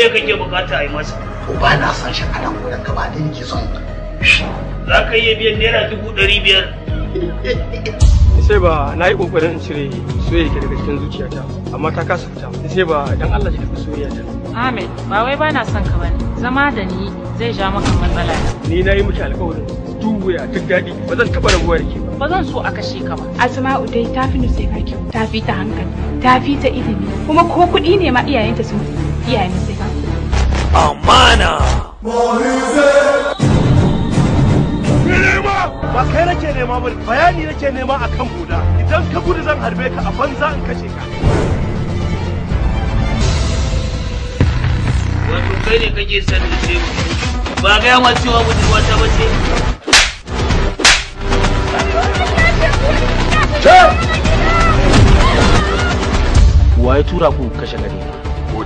me kake bukata a yi masa Ko ba na san shi a nan gurin gaba da yake son za ka iya biyan naira dubu ɗari biyar sai ba na yi kokarin cire soyayya ke daga cikin zuciyata amma ta kasa fita sai ba dan Allah ki tafi soyayya ta Ahmed ba wai ba na son ka bane zama da ni zai ja maka matsala ni na yi miki alƙawarin duk wuya duk daɗi ba zan taɓa rabuwa da ke ba ba zan so a kashe ka ba Asma'u dai ta fi nusai ka kyau ta fi ta hankali ta fi ta ilimi kuma ko kuɗi ne ma iyayenta sun iyayen amana ba kai nake nema ba bayani nake nema akan guda idan ka gudu zan harbe ka a banza in kashe ka wato kai ne kake son da ce ba ga yamma cewa budurwa ta bace Wa ya tura ku kashe gari?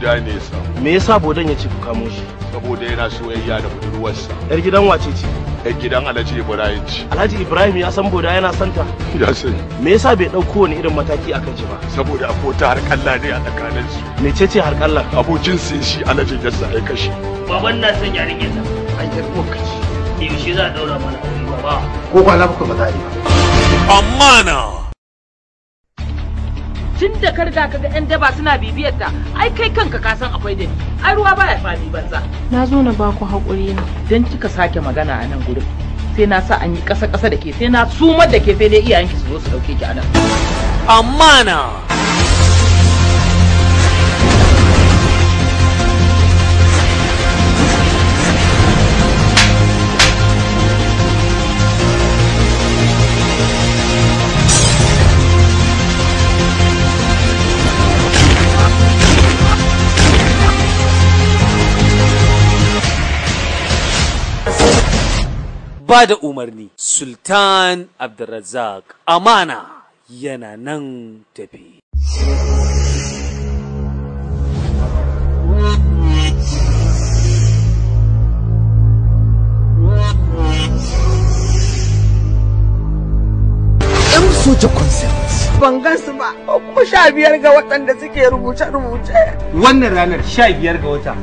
da ne sa. me yasa bodan ya ce ku kamo shi saboda yana soyayya da budurwarsa yar gidan wace ce yar gidan alhaji ibrahim ce alhaji ibrahim ya san boda yana santa ya sani me yasa bai ɗauko wani irin mataki a kan shi ba saboda akwai ta harƙalla ne a tsakanin su me ce ce harƙalla abokin sai shi alhaji ya sa aika shi baban na son yarin yadda an yi lokaci yaushe za a ɗaura mana aure baba ko kwana ku ba za a yi ba na. tun da ka riga ka ga yan daba suna bibiyar ta ai kai kanka ka san akwai da ai ruwa baya fadi banza na zo na ba ku haƙuri ne dan kika sake magana a nan gurin sai na sa an yi ƙasa ƙasa da ke sai na sumar da ke sai dai iyayenki su zo su ɗauke ki a nan na ba da umarni Sultan Abdulrazak Amana yana nan tafi. soja Concerts ban gansu ba ko kuma sha biyar ga waɗanda suke rubuce-rubuce. Wannan ranar sha biyar ga wata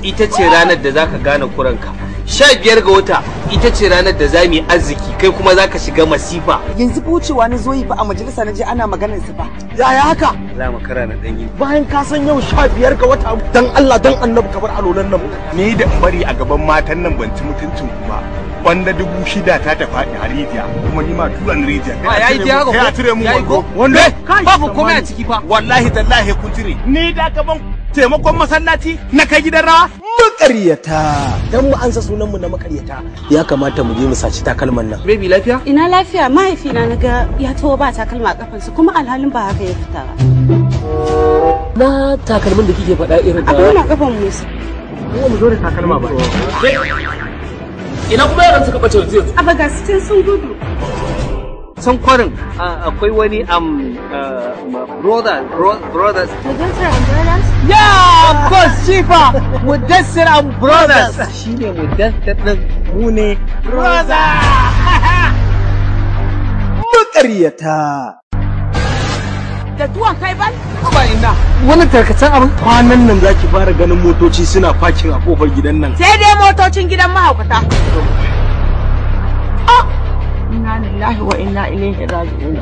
ita ce ranar da zaka gane kuranka. Sha biyar ga wata ita ce ranar da za mu yi arziki kai kuma za ka shiga masifa. Yanzu bucewa na zo yi ba a majalisa na je ana maganar su ba. Yaya haka? Za mu kara na ɗanyi. Bayan ka san yau sha biyar ga wata dan Allah dan annabi kabar alolan nan. Ni da bari a gaban matan nan ban ci mutuncin ku ba. banda dubu shida ta ta a rijiya kuma ni ma turan rijiya ah, a yayi ji haka ya cire mu wando wanda eh, babu komai a ciki fa wallahi tallahi kun cire ni da ka ban taimakon masallaci na kai gidan rawa makaryata dan mu ansa sunan mu na makaryata ya kamata mu je mu saci takalman nan baby lafiya ina lafiya mahaifina na ga ya tawo ba takalma a kafansa kuma alhalin ba haka ya fita ba na takalman da kike faɗa irin da a kafan musu ko mu zo da takalma ba eh. ina kuma yaran suka bace yanzu yanzu abaga su su sun gudu can kwarin akwai wani am um, uh, brother brothers mudassir and brothers yeah of course shifa mudassir and brothers shine mudassir din mu ne brothers maƙaryata da tuwon kai ban? Ba ina. Wani tarkacen abin kwanan nan za ki fara ganin motoci suna fakin a kofar gidan nan. Sai dai motocin gidan mahaukata. Oh! Ah! Inna lillahi wa inna ilaihi raji'un.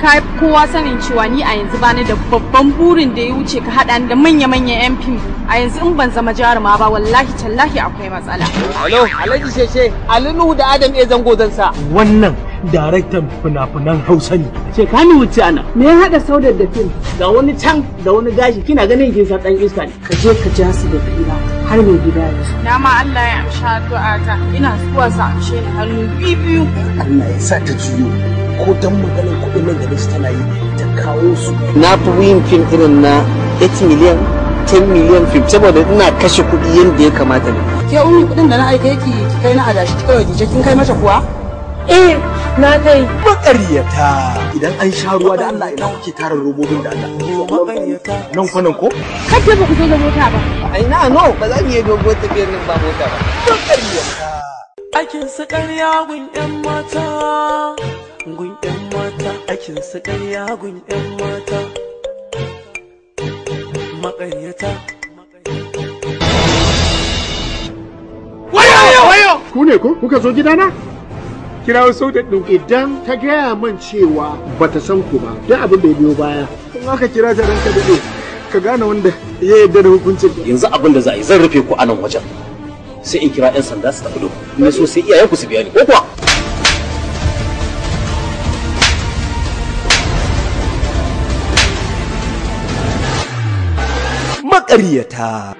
Ka kowa sanin cewa ni a yanzu bani da babban burin da ya wuce ka haɗa ni da manya-manyan 'yan fim. A yanzu in ban zama jaruma ba wallahi tallahi akwai matsala. Alo, Alhaji Sheshe, Ali Nuhu da Adam zango zan sa. Wannan daraktan fina-finan hausa ne. Shekani wuce ana. Me ya haɗa saudar da fim? Ga wani can da wani gashi kina ganin kin sa ɗan iska ne. Ka je ka ja su da fira har mai gida ya su. Na ma Allah ya amsha addu'a ta ina zuwa sa amshe ni hannu biyu. biyu Allah ya sa ta juyo ko dan maganin kuɗin nan da su tana yi ta kawo su. Na fi yin fim irin na 8 miliyan 10 miliyan fim saboda ina kashe kuɗi yadda ya kamata ne. Ke unu kuɗin da na aike ki kai na adashi kawai kin kai mace kuwa? eh na ta yi makaryata idan an sha ruwa da Allah ina kuke tara robobin da Allah nan ko nan ko kada ba ku zo da mota ba ai na no ba za mu yi dogo tafiyar nan ba mota ba makaryata akin su ƙarya gun ƴan mata gun ƴan mata akin su ƙarya gun ƴan mata makaryata Wayo! Wayo! Ku ne ko? Kuka zo gidana? kirawo sau da ɗin idan ta gaya man cewa ba ta san ku ba duk abin da ya biyo baya kuma aka kira ta ranka da ka gane wanda ya yarda da hukuncin yanzu abin da za a yi zan rufe ku a nan wajen sai in kira 'yan sanda su tafi doku ne so sai iyayen ku su biya ni ko kuwa maƙaryata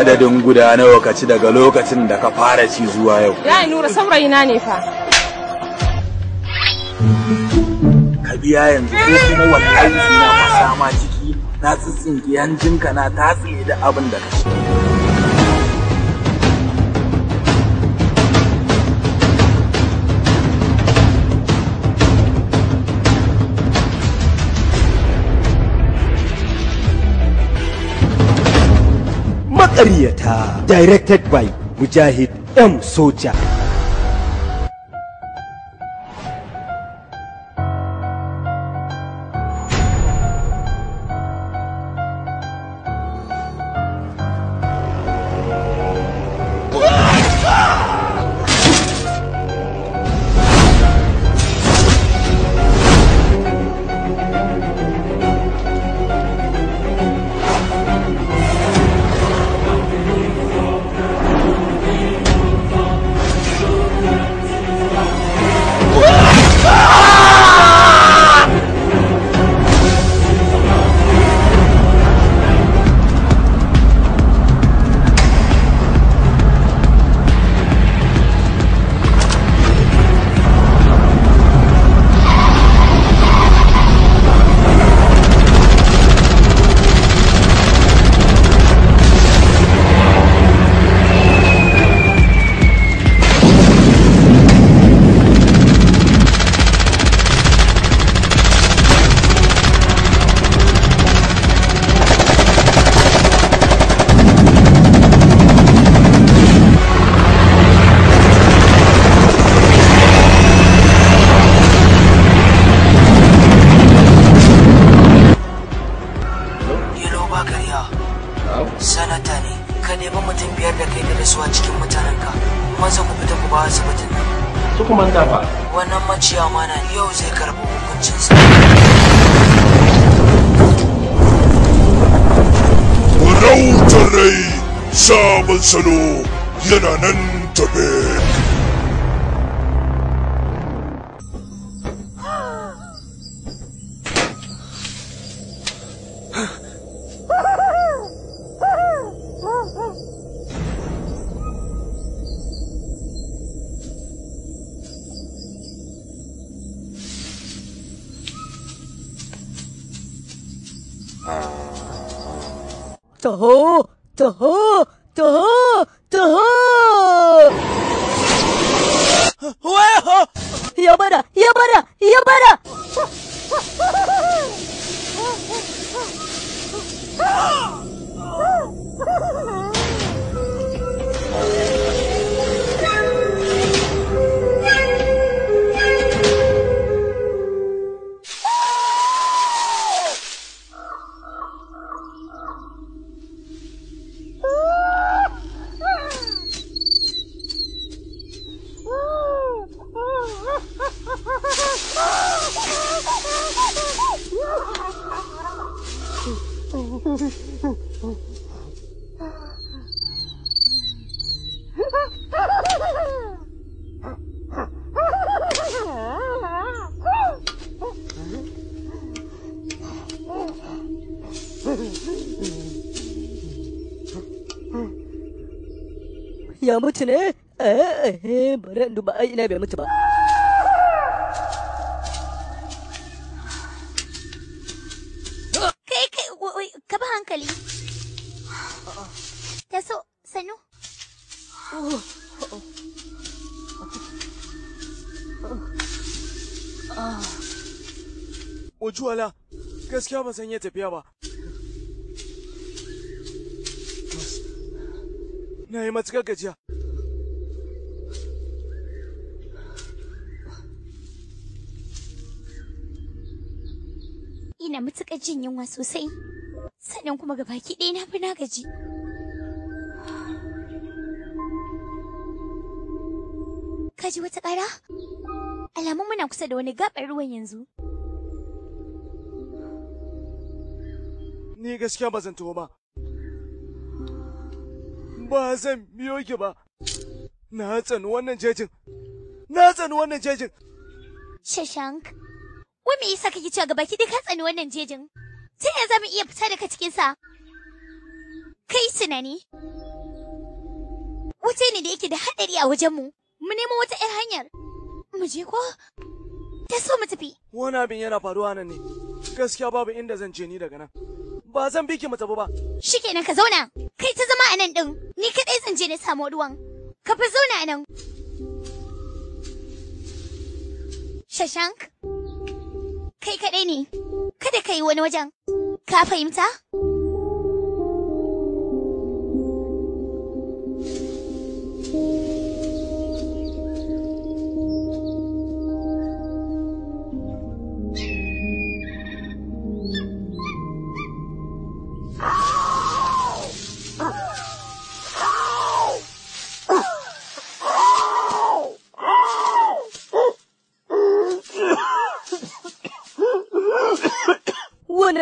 adadin guda nawa ka ci daga lokacin da ka fara ci zuwa yau ya yi nura saurayina ne fa ka biya yanzu ko kuma wallahi na fasa ma ciki na tsitsinke hanjinka na tatsile da abin da ka shi Maƙaryata directed by Mujahid M Soja. ya mutu ne eh, eh, eh bari in duba ai ina bai mutu ba kai kai ka ba hankali so sanu Ojuwala, gaskiya ban san ya tafiya ba. Na yi matuƙar gajiya. jin yunwa sosai sannan kuma ga baki ɗaya na fi na gaji kaji wata ƙara alamun muna kusa da wani gaɓar ruwan yanzu ni gaskiya ba zan taho ba ba zan biyo ki ba na tsani wannan jejin na tsani wannan jejin shashank Wai me yasa kake cewa gabaki dai ka tsani wannan jejin? Ta yaya za mu iya fita daga cikin sa? Kai tunani. Wace ne da yake da hadari a wajen mu? Mu nemo wata 'yar hanyar. Mu je ko? Ta so mu tafi. Wani abin yana faruwa nan ne. Gaskiya babu inda zan je ni daga nan. Ba zan bi ki mu tafi ba. Shikenan ka zauna. Kai ta zama a nan din. Ni kadai zan je na samu ruwan. Ka fi zauna a nan. Shashank. kai kaɗai ne, kada ka yi wani wajen, ka fahimta?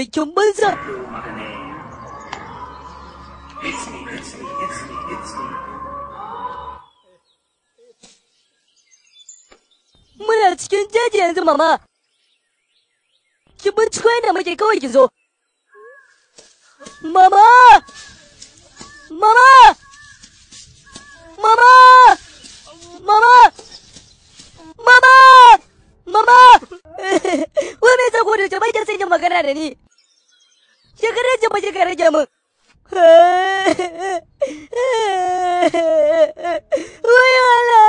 aikin banza muna cikin jeji yanzu mama ki binciko yadda muke kawai ki zo mama mama mama mama mama mama wai me zago da jama'a sai magana da ni shekara jama shekara jama wayala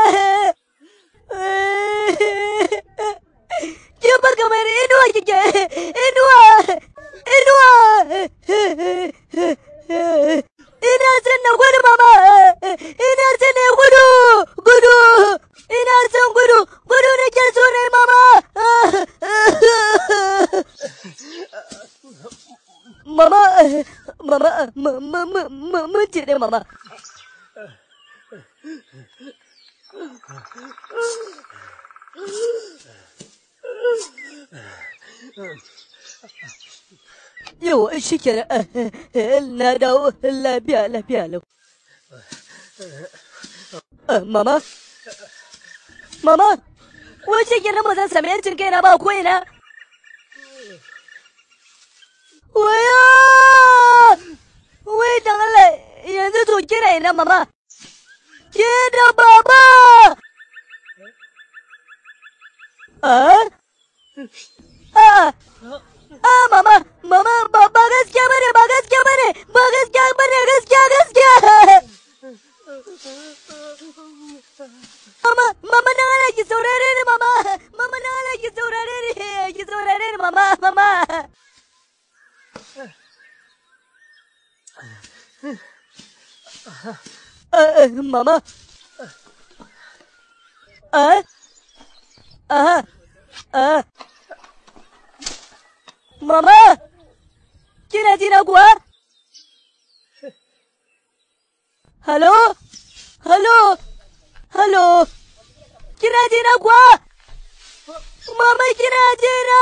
ke kamar inuwa kike inuwa inuwa ina son na gudu mama ina son gudu gudu ina son gudu gudu na ke so mama Mama, mama, mama, mama, mama, cerita mama. Yo, syukur. Nada, la biar, la biar lo. Mama, mama, wajah kita mazan sembilan cincin apa aku ini? Uyan! Uyan yanında dur gene yine mama. Gene baba! Aa? Aa! Aa mama! Mama! Baba kız kemeri! Bakız kemeri! Bakız kemeri! Kız kız kız Mama! Mama ne ala ki sorar mama! Mama ne ala ki sorar ki sorar mama! Mama! آه ماما آه آه آه ماما كنا دينا قوار هلو هلو هلو كنا دينا قوار ماما كنا دينا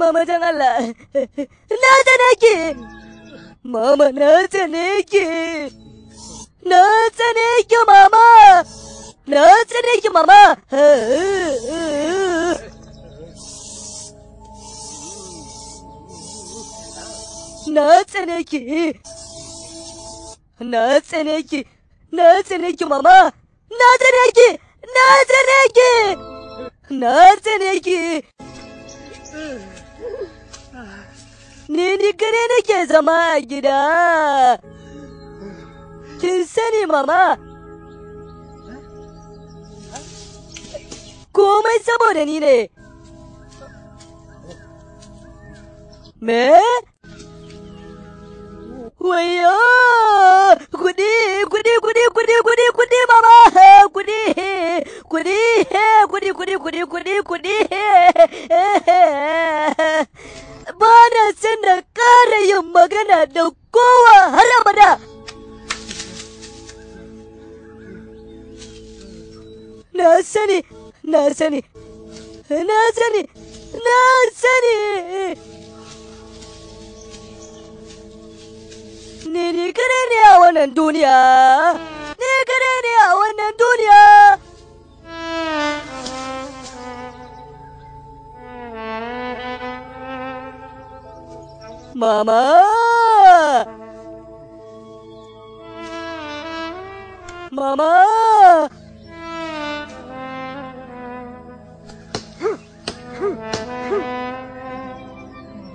మామజనాల నాదనకి మామ నాచనేకి నాచనేకి మామ నాచనేకి మామ నాచనేకి నాచనేకి నాచనేకి మామ నాచనేకి నాచనేకి నాచనేకి Ugh. Ni ni gare nake zama a gida. Kin sani mama? Komai saboda ni ne. Me? wayo Kudi! Kudi! Kudi! Kudi! Kudi! Kudi! mama Kudi! Kudi! Kudi! Kudi! Kudi! Kudi! Kudi! san ƙara yin magana da kowa har abada na sani na sani نيري كرينيا وانا الدنيا نيري كرينيا وانا الدنيا ماما ماما ماما,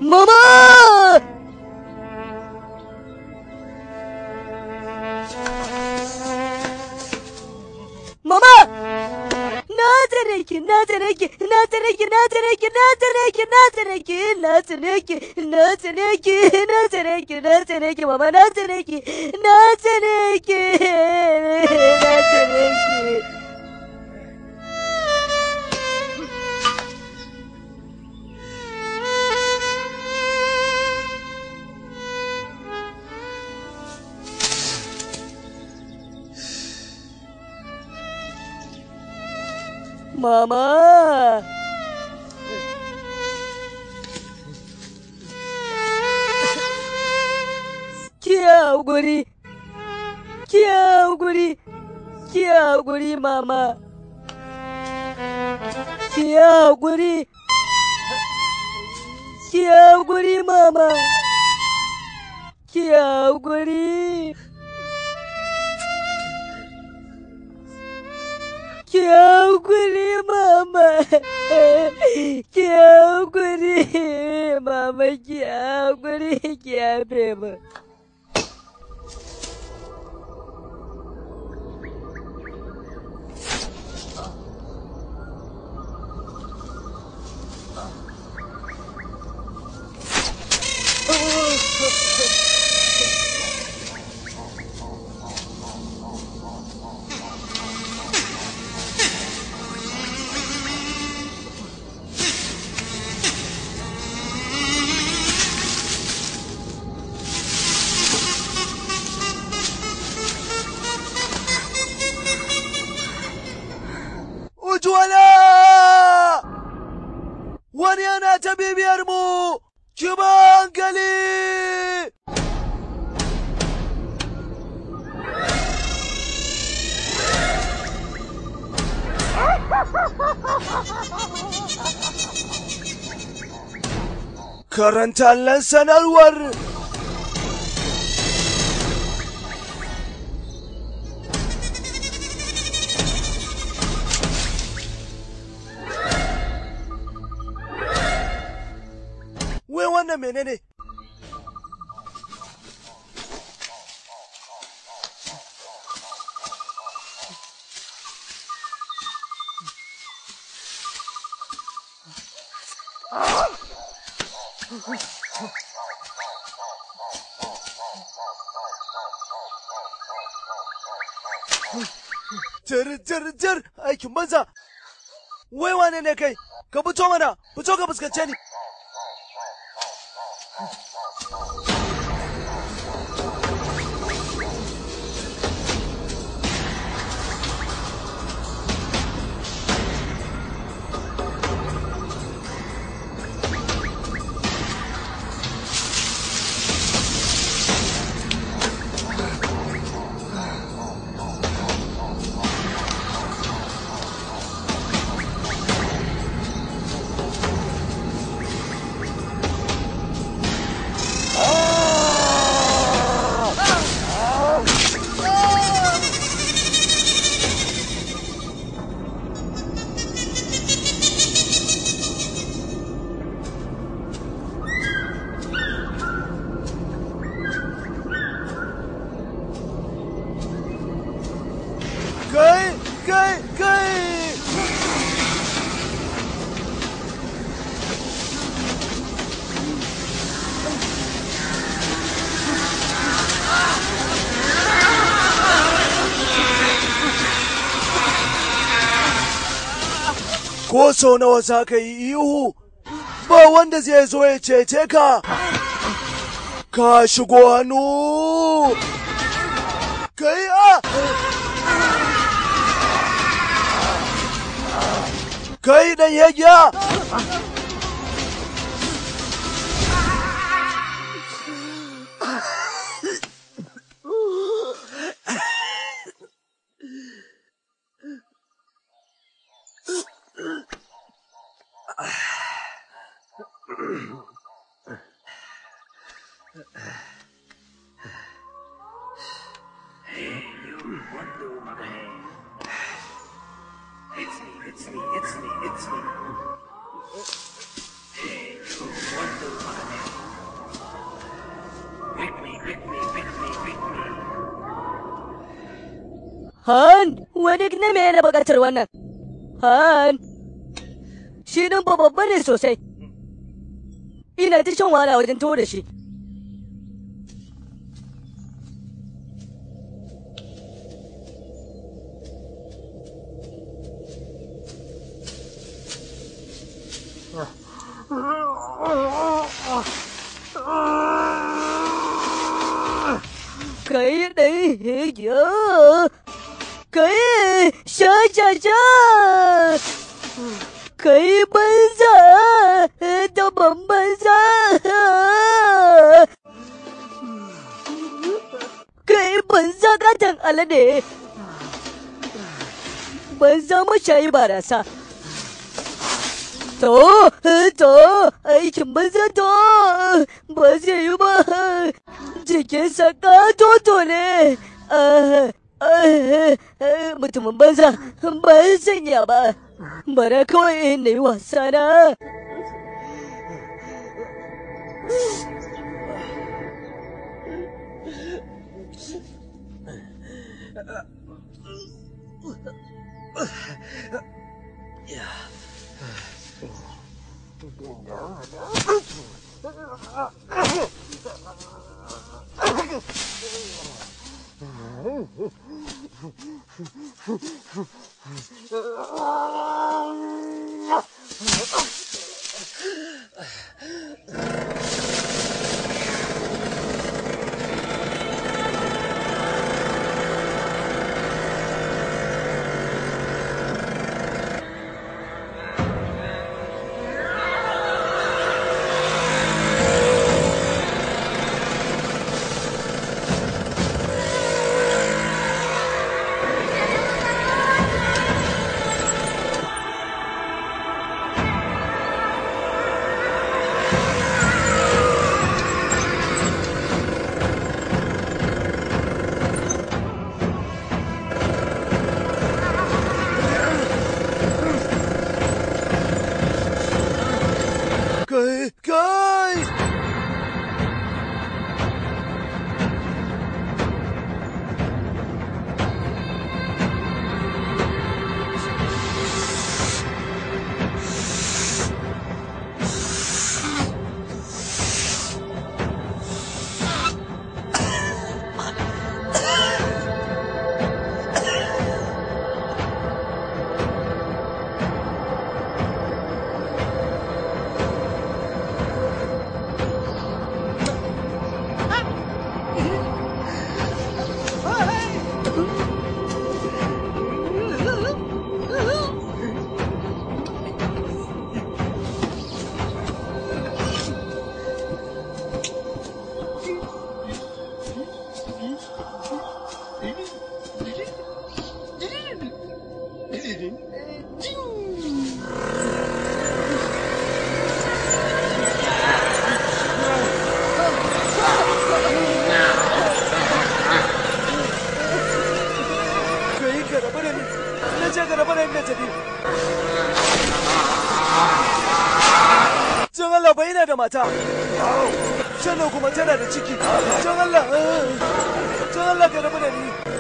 ماما. تركي لا تركي لا تركي لا تركي لا تركي لا تركي لا تركي لا تركي بابا لا تركي لا تركي لا تركي Mama. kyau guri kyau guri kyau guri mama kyau guri kyau guri mama kyau guri kyau guri mama kyau guri mama kyau guri kyau makarantar sanarwar aikin banza wai wane ne kai ka fito mana fito ka fuskance ni Sau nawa za ka yi ihu ba wanda zai zo ya cece ka ka shigo hannu yi a yi ɗan yagiya wannan shi din babba ne sosai ina ta shan wahala wajen tura da shi 可以奔走，怎么奔走？可以奔走，该怎么了呢？奔走么？下一把的啥？走，走，哎，什么在走？不是有吗？这件啥个做做呢？呃，呃，呃，怎么奔走？奔走呀吧？barakoeni wasana Ah! da mata sannan kuma tana da ciki can Allah can eh, Allah ka rabu da ni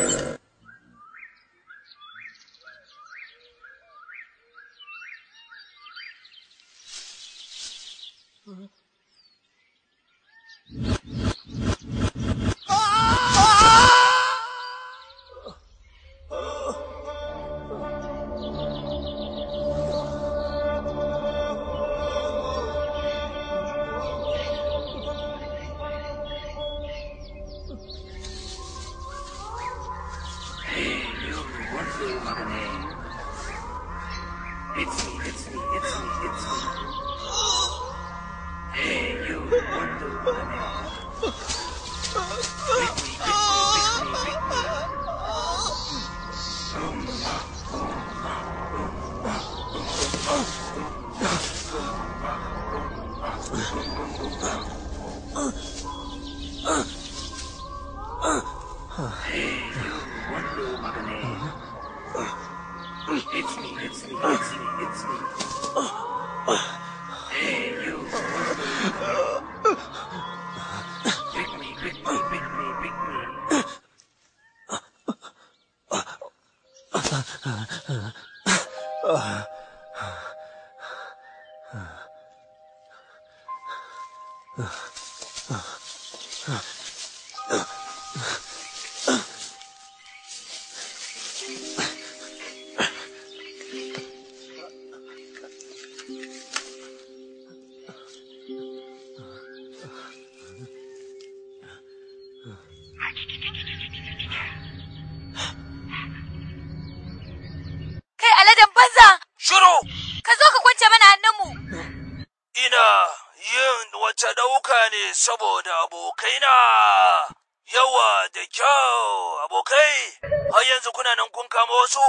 yanzu kuna nan kun kama wasu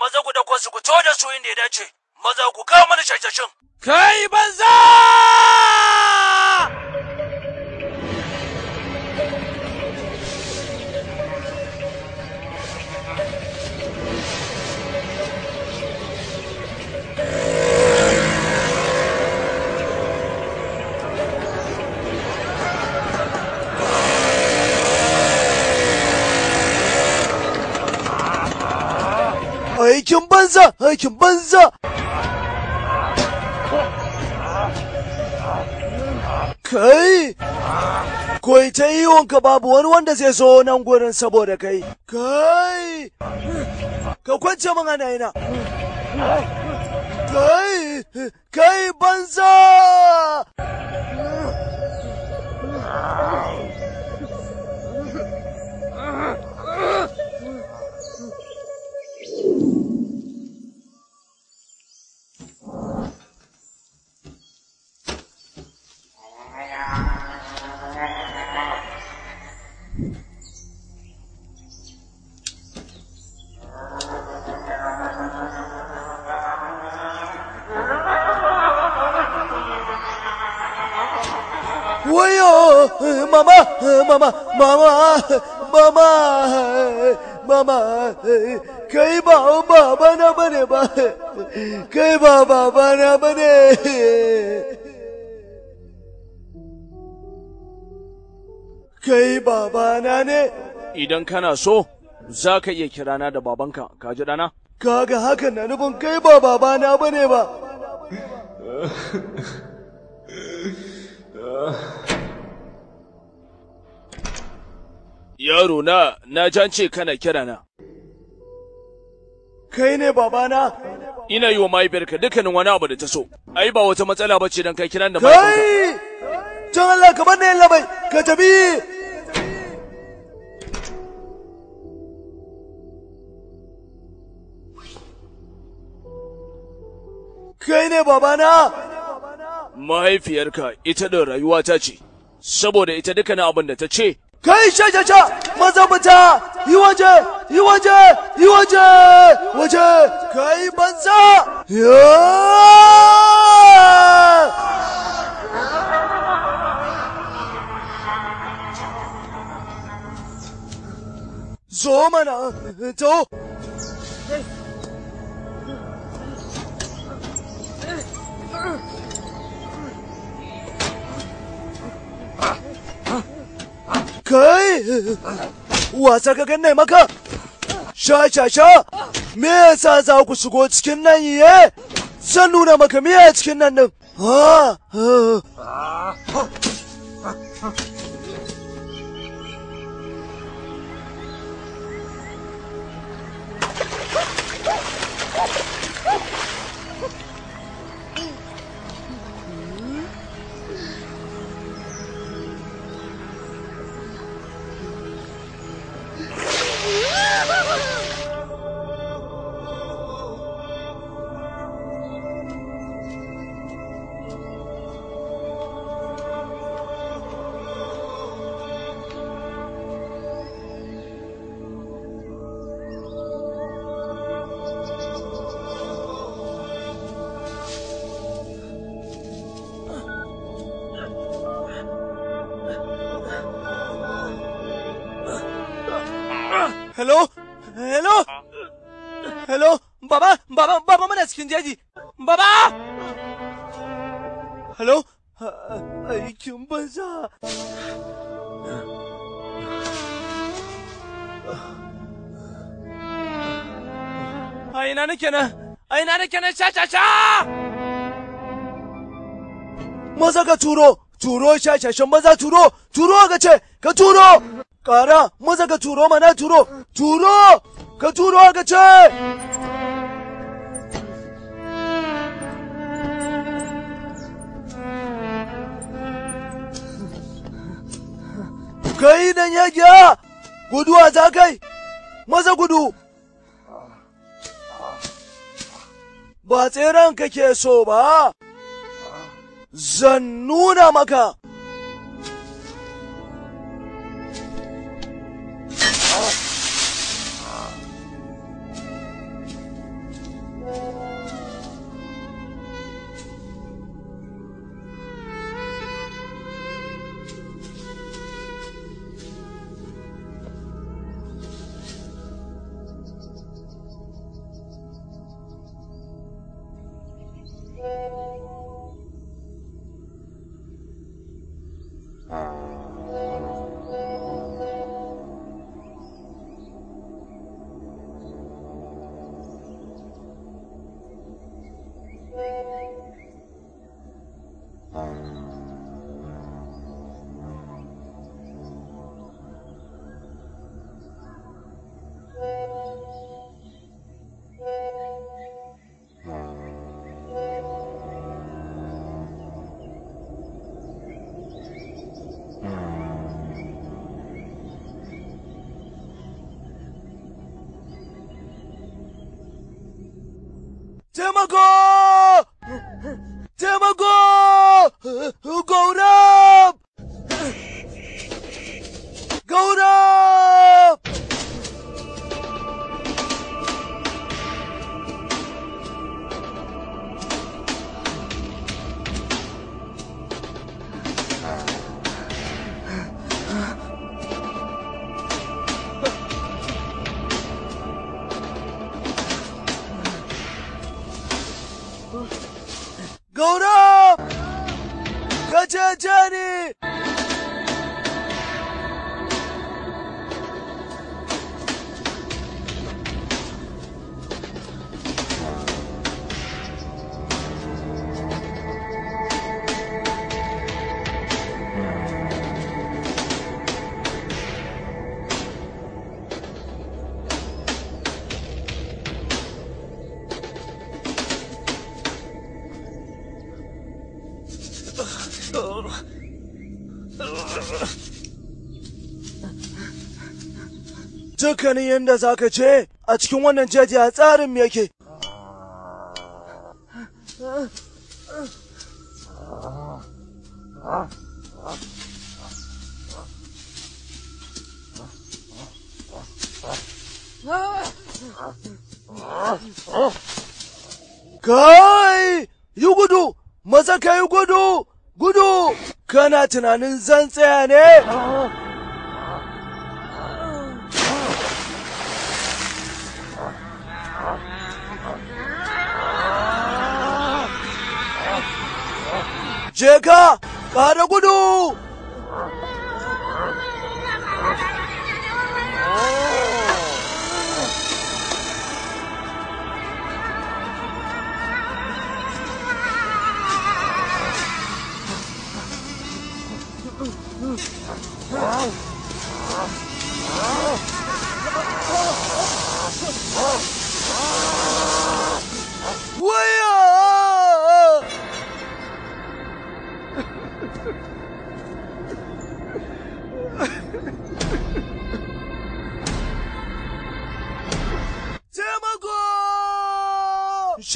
maza ku dauko su ku to da su inda ya dace maza ku kawo mana shashashin kai banza aikin banza aikin banza kai koi ta yi wanka babu wani wanda zai zo nan gurin saboda kai kai ka kwance min ana yana kai kai banza mama mama mama mama mama kai ba baba na bane ba kai ba baba na bane kai babana ne idan kana so za ka iya kirana da babanka ka ji dana kaga hakan na nufin kai ba babana bane ba Yaro na, na jance kana kira na. Kai ne babana? Ina yi wa mahaifiyarka dukkanin wani abu da ta so. Ai ba wata matsala ba ce don kai kiran da mahaifiyarka. Kai! Can Allah ka banne labai, ka tafi! Kai ne babana? Mahaifiyarka ita da rayuwata ce, saboda ita dukkanin abin da ta ce, 开一下下下，马上不差，一万斤，一万斤，一万斤，我去，开一把车，走嘛呢？走。Kai! Wasa ka ganna maka? Sha sha sha! Me yasa za ku shigo cikin nan ye? Zan nuna maka me cikin nan din. Ha! Ha! Yeah! Hello? Hello? Hello? Baba, baba, baba cikin jeji. Baba! Hello? Aikin banza. A ina nake nan? A ina nake nan sha-sha-sha! Maza ka turo, turo sha cha cha maza turo, turo ka ce, ka turo! ƙara maza ka turo mana turo turo ka turo ka ce kai nan gudu guduwa za kai maza gudu ba tseren kake so ba zan nuna maka dukkanin yadda za ka ce a cikin wannan jeji a tsarin yake. Kai, yi gudu, maza ka yi gudu, gudu, kana tunanin zan tsaya ne? Jeka ka gudu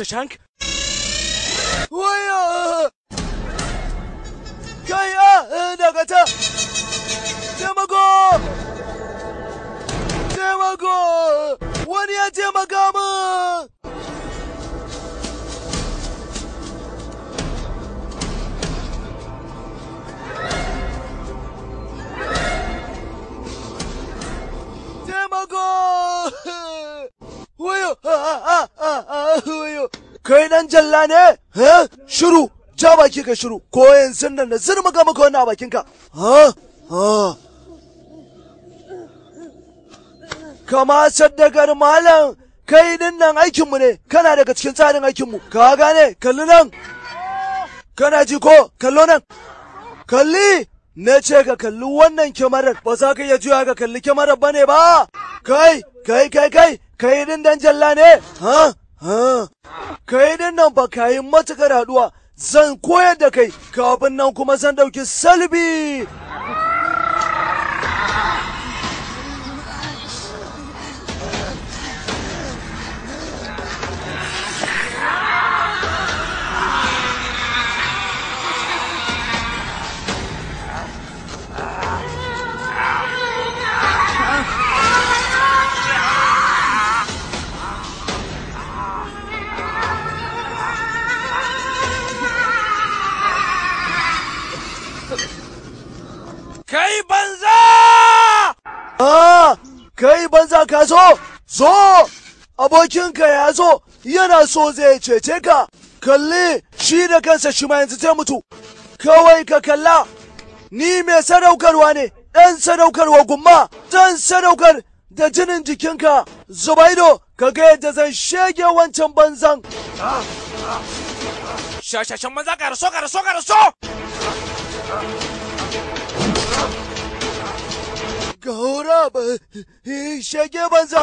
Schank ka shiru ko yanzu nan da zirma ga maka wannan a bakinka ha kama saddagar malam kai din nan aikinmu ne kana daga cikin tsarin aikinmu ka gane kalli nan kana ji ko kallo nan kalli na ce ka kalli wannan kyamarar ba za ka iya juya ka kalli kyamarar ba ne ba kai kai kai kai kai din dan jalla ne ha ha kai din nan ba ka yi matukar haduwa zan koyar da kai kafin nan kuma zan ɗauki salbi kai banza ah kai banza ka zo zo abokinka ya zo yana so zai cece ka kalli shi da kansa shi ma yanzu zai mutu kawai ka kalla ni mai sadaukarwa ne ɗan sadaukarwa gumma ɗan sadaukar da jinin jikinka zubaido ka ga yadda zan shege wancan banzan ah, ah. shashashan banza ka raso ka raso ka raso gaura ba shege banza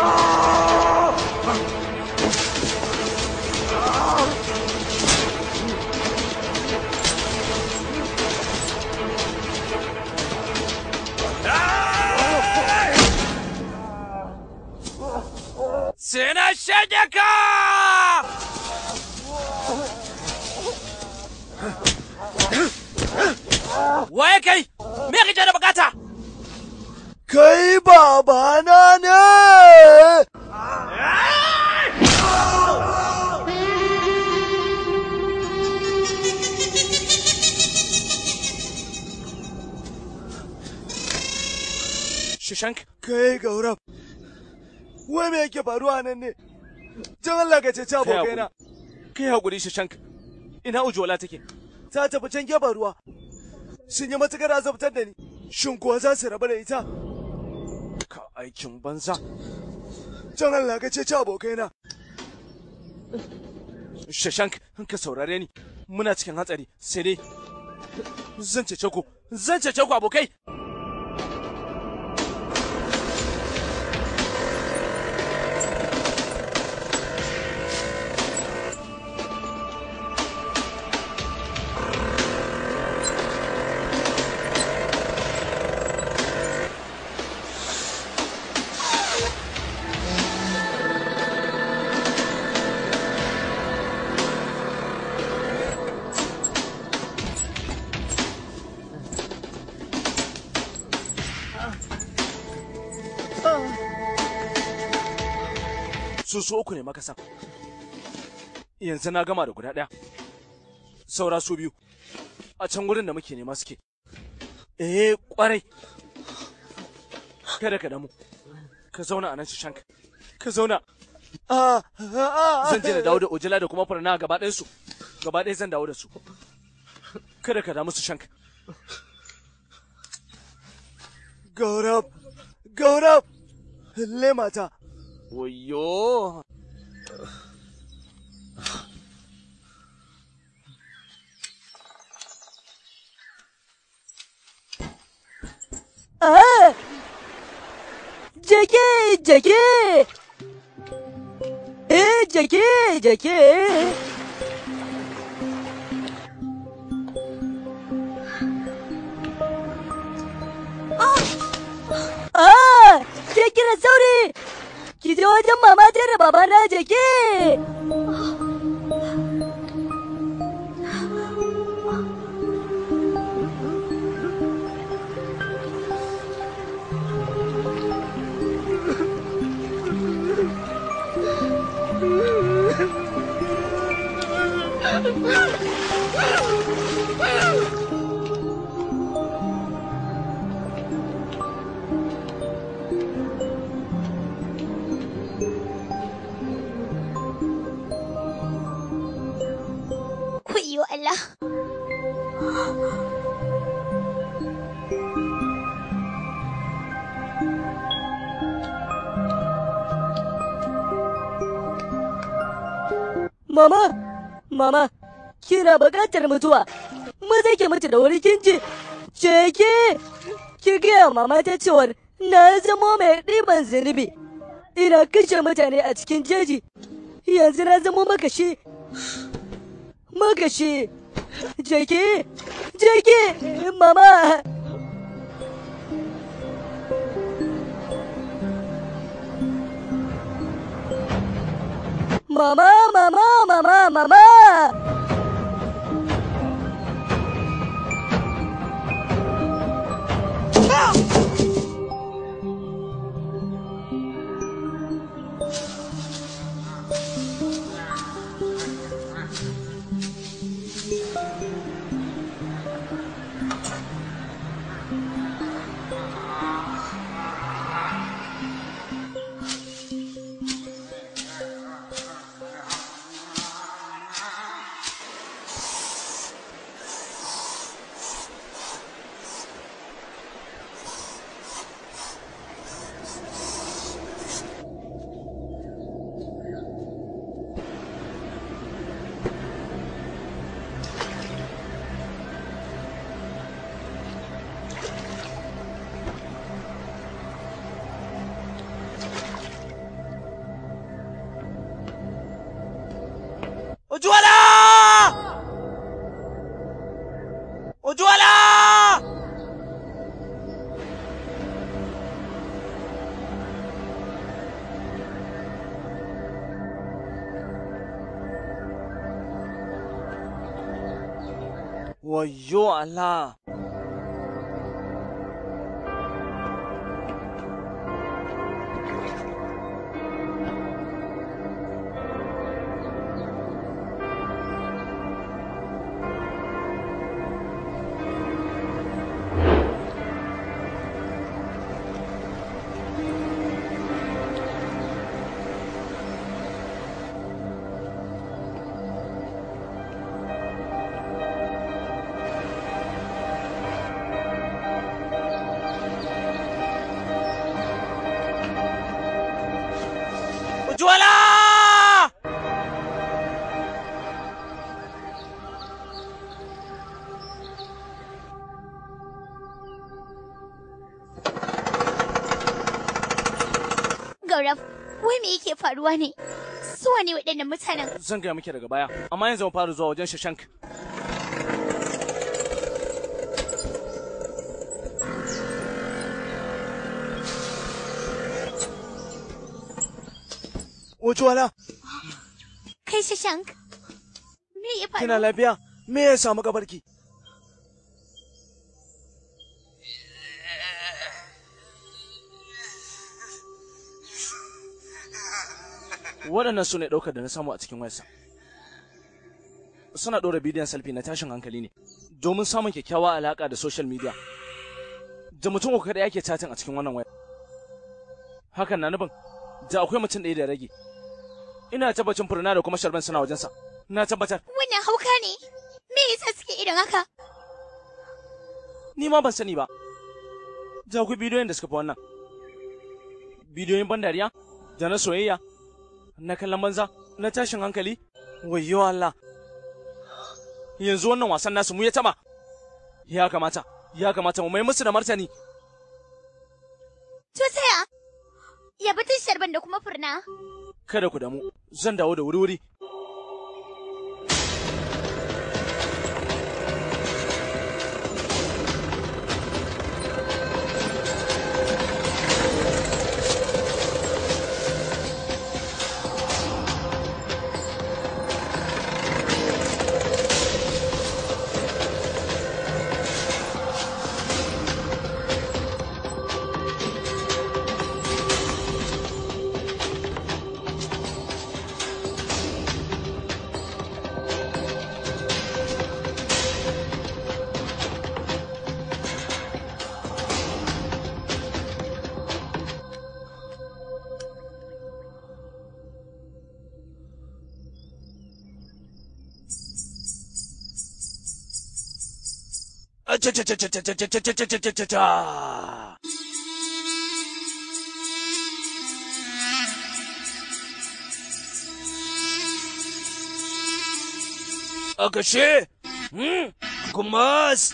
Sai na shege ka! kai? Me kake da bukata? kai babana ne! Shashank? Kai gaura! wai me yake faruwa nan ne? Jan Allah ka ceci abokaina. Kai haƙuri Shashank, ina ujola take? Ta tafi can gefen ruwa, sun yi matuƙar azabtar da ni, shin kuwa za su rabu da ita? aikin banza can Allah ka ce ci abokaina Shashank ka saurare ni muna cikin hatsari sai dai zan cece ku zan cece ku abokai su uku ne makasan yanzu na gama da guda ɗaya saura su biyu a can gurin da muke nema suke eh kwarai kada ka damu ka zauna a nan shi shanka ka zauna zan je da dawo da ojila da kuma furna gaba ɗayan su gaba ɗaya zan dawo da su kada ka damu su shanka gaurab gaurab lemata 哦呦！啊！杰克，杰克，诶，杰克，杰克！啊啊！杰克的手里。 기도하던 마마들을 마마라제게 Ah! Mama, mama, kina buƙatar mutuwa. Maza ke mutu da wuri kin ji. ki gaya mama ta cewar na zamo mai ɗiban zunubi. Ina kashe mutane a cikin jeji. Yanzu na zamo makashi. Makashi. Jeki, jeki, mama. Mama, mama, mama, mama! Ah! 完拉。faruwa ne? Su wane waɗannan mutanen? Zan gaya muke daga baya, amma yanzu mu fara zuwa wajen Shashank. Wace wala? Kai Shashank, me ya faru? Kina lafiya? Me ya samu gabarki? waɗannan su ne ɗaukar da na samu a cikin wayarsa suna ɗora bidiyon selfie na tashin hankali ne domin samun kyakkyawa alaƙa da social media da mutum ko kada yake chatting a cikin wannan waya hakan na nufin da akwai mutum ɗaya da rage ina tabbacin furna da kuma sharban suna wajensa na tabbatar wannan hauka ne me yasa suke irin haka ni ma ban sani ba da akwai bidiyoyin da suka fi wannan bidiyoyin ban dariya da na soyayya na kallon banza na tashin hankali wayo Allah yanzu wannan wasan nasu mu ya taba ya kamata ya kamata mu mai musu da martani to saya ya bi tashar da kuma furna kada ku damu zan dawo da wuri wuri अगशे गुम्मास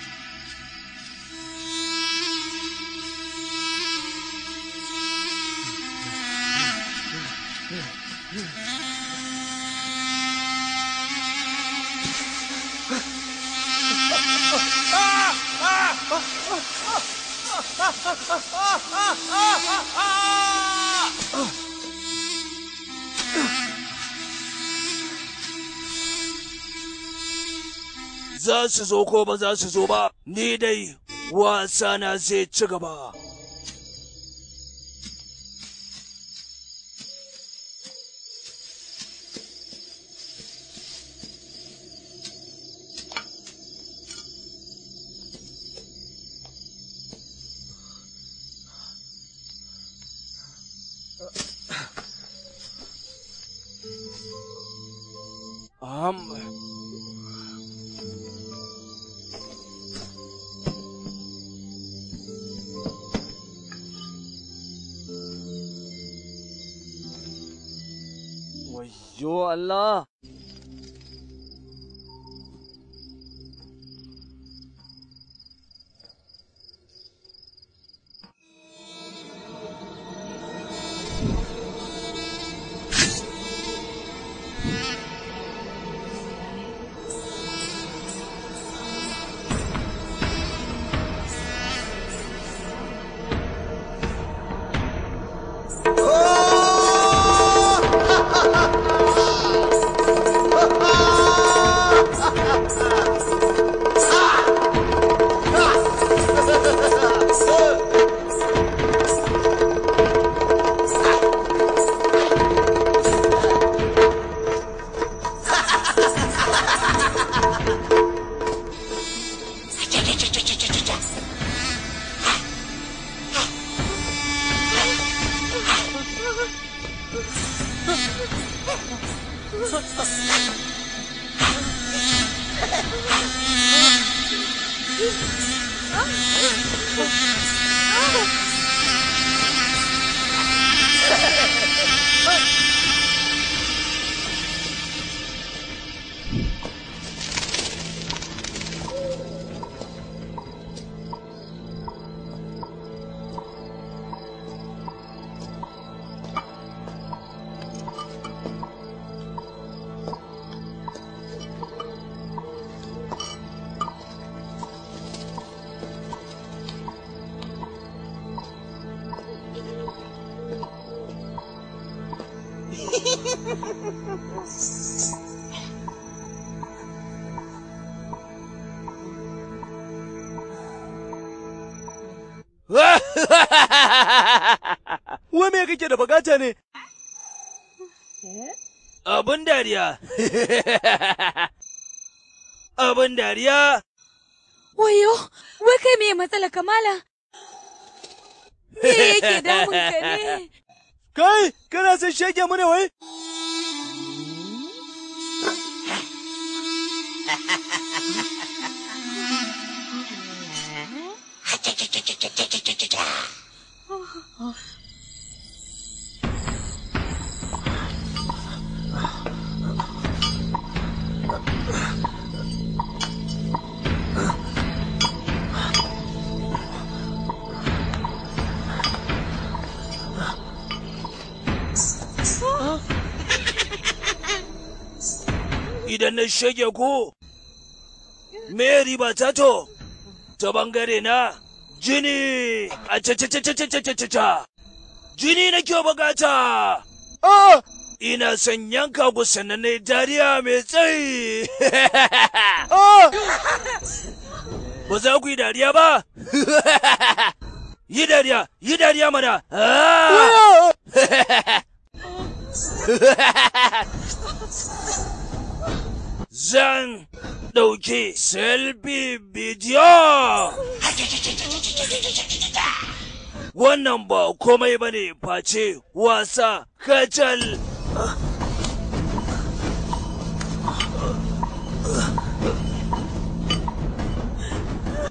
Za su zo ko ba za su zo ba, ni dai wasa na zai ci gaba. mata ne. Abin dariya. da na shage ku me ta bangare na jini a ca jini na kyau bukata ah! ina son yanka ku sannan dariya mai tsayi ah! ba za ku yi dariya ba yi dariya yi dariya mana Ha! Ha! Ha! zan ɗauki selfie bidiyo. Wannan ba komai ba ne face wasa kacal.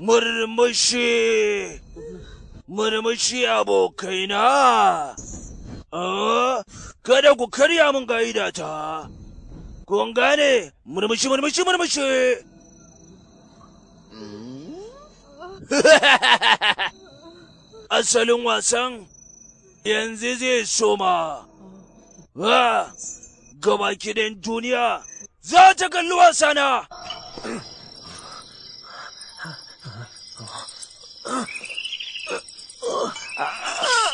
Murmushi, murmushi abokaina, ah, kada ku karya min ga'ida ta. kun gane murmushi murmushi murmushi asalin wasan yanzu zai soma gaba kidan duniya za ta kalli wasana Ah!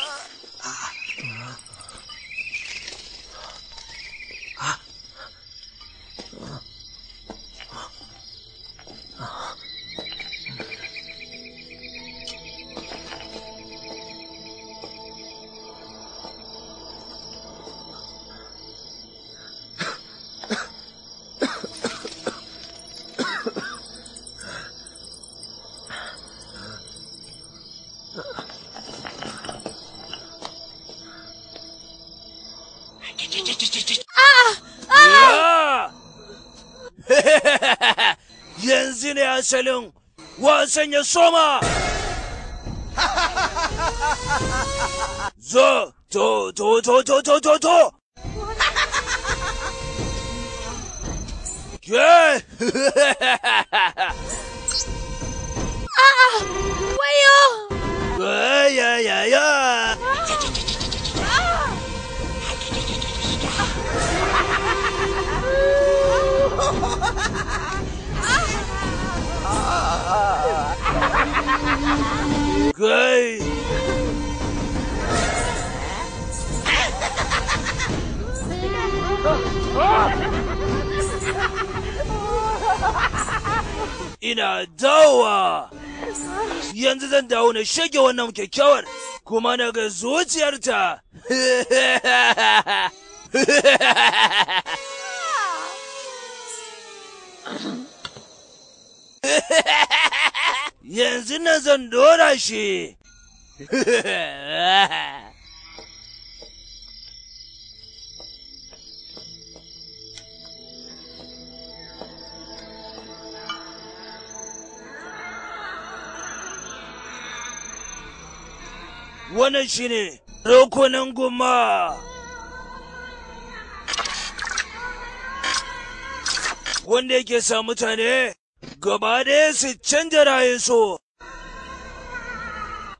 善良，我先人说嘛。走走走走走走走走。绝。啊，喂哟！喂呀呀呀。Kai! Ina dawa! Yanzu zan dawo na shage wannan kyakkyawar kuma na ga zuciyarta! yanzu na zan dora shi wannan ne rokunan goma wanda yake sa mutane gaba ɗaya su canja rayunsu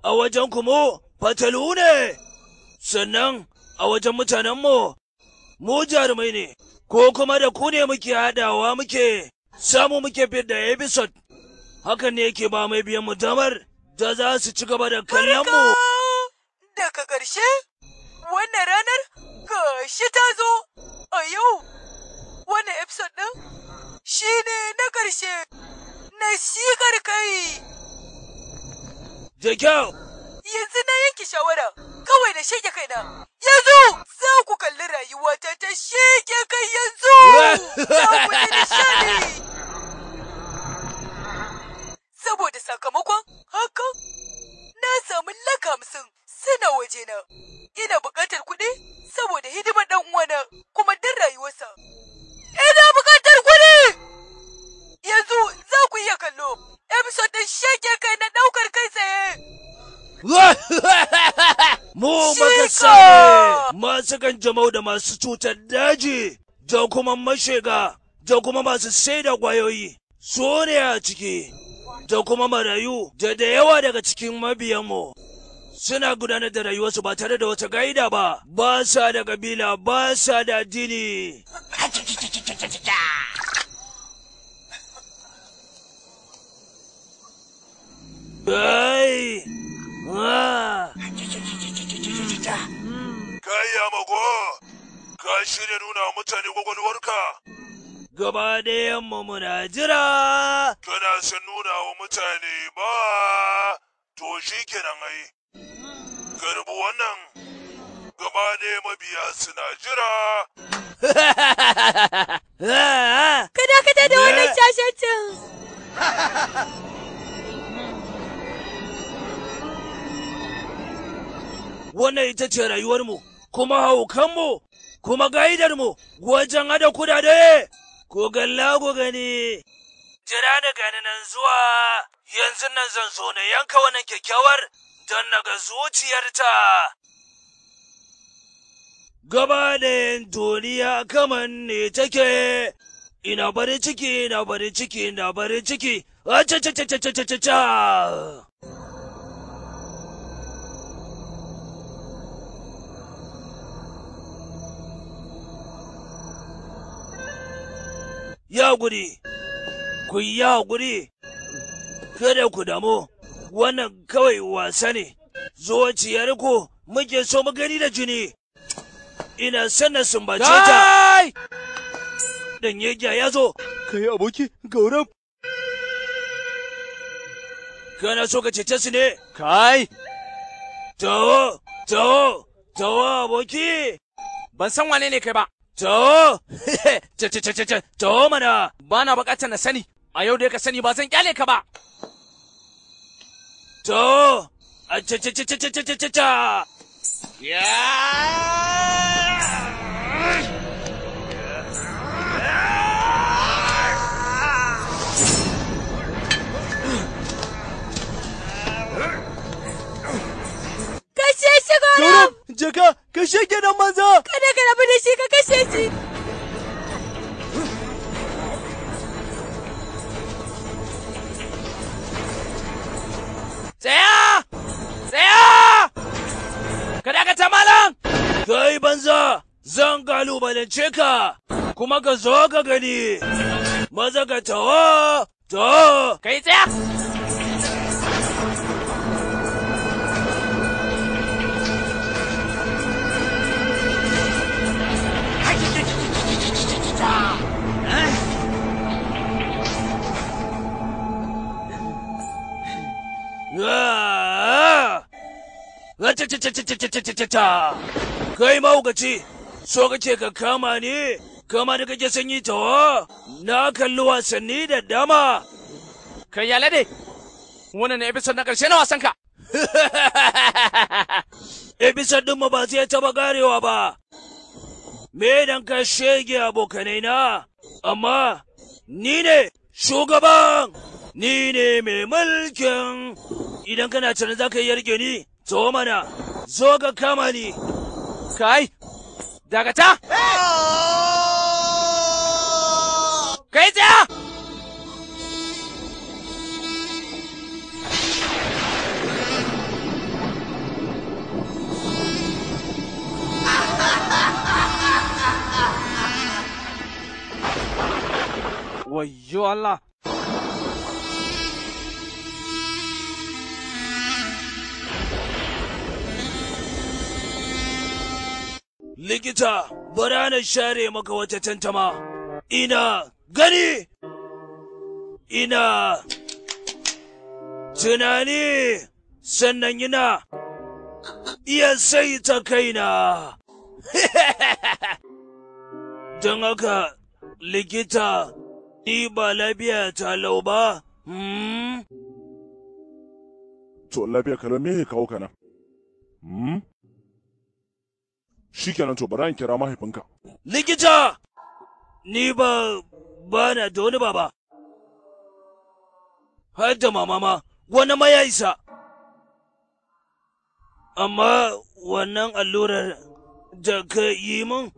a wajen kuma fatalu ne sannan a wajen mutanenmu mu jarumai ne ko kuma da ku ne muke haɗawa muke samu muke fidda episode hakan ne yake ba mai biyan mu damar da za su ci gaba da kallon mu daga ƙarshe wannan ranar shi ta zo a yau wannan episode ɗin shi ne na ƙarshe na shigar kai. Da kyau. Yanzu na yanke shawara kawai da shege kaina. Yanzu za ku kalli rayuwata ta shige kai yanzu. Saboda sakamakon haka na samu laka hamsin suna wajena. Ina buƙatar kuɗi saboda hidimar ɗan uwana kuma dan rayuwarsa. Ina buƙatar Yanzu za ku iya kallo episode ɗin shege kai na ɗaukar kai tsaye. Mu magasa ne masu ganjamau da masu cutar daji da kuma mashega da kuma masu saida kwayoyi su ne a ciki da kuma marayu da da yawa daga cikin mabiyanmu. suna gudanar da rayuwarsu ba tare da wata gaida ba ba sa da kabila ba sa da addini Ai! Ah! Kai Yamago, ka shirya nuna mutane gwagwalwarka? Gaba ɗayan muna jira! Kana son nuna wa mutane ba, to shi kenan ai. Garbu wannan gaba ɗaya mabiya suna jira. Kada kada da wannan eh. shashancin! wannan ita ce rayuwarmu kuma haukanmu kuma ga'idar mu wajen hada kudade ko galla ku gani jira da gani nan zuwa yanzu nan zan zo na yanka wannan kyakkyawar don naga zuciyarta gaba da duniya kaman ne take ina bari ciki ina bari ciki ina bari ciki a ah, cha cha cha cha cha cha ya guri, ku ya guri, kada ku damu, wannan kawai wasa ne, ku muke so mu gani da jini, ina sannan sumbace ta. Dan yegya ya zo. Kai aboki, gauram. Kana so ka cece su ne? Kai! Tawo, tawo, tawo aboki! Ban san wane ne kai ba. To, to, to, to, to, to mana ba na bukatar na sani, a yau da ka sani ba zan kyale ka ba. To, a to, to, to, to, to, to, ce kashe shi goron! Jaka, kashe ke nan maza! Kada ka rabu da shi ka kashe shi! Tsaya! Tsaya! Kada ka ta malam! Kai banza! Zan galubalance ka! Kuma ka zo ka gani! Maza ka tawa! Tawa! Kai tsaya! Kai mahaukaci, so kake ka kama ne, kama da kake sanyi tawa, na kalli wasanni da dama. Kai ya lade, wannan ne episode na ƙarshe na wasanka. Episode ɗin ba zai taɓa garewa ba. Me dan ka shege abokanai na, amma ni ne shugaban. ni ne mai mulkin idan kana cire za ka yi yarge ni to mana zo ka kama ni kai Dagata! kai tsaya Wayo Allah Likita, bara na share maka wata tantama. Ina gani! Ina tunani sannan ina iya saita kaina. Don haka, likita, ni ba lafiya ta lau ba? Hmm? To, lafiya kalau me kawo kana? Hmm? shikenan to bari in kira mahaifinka likita ni ba bana na da wani baba har da mama ma wani ma ya isa amma wannan allurar da ka yi min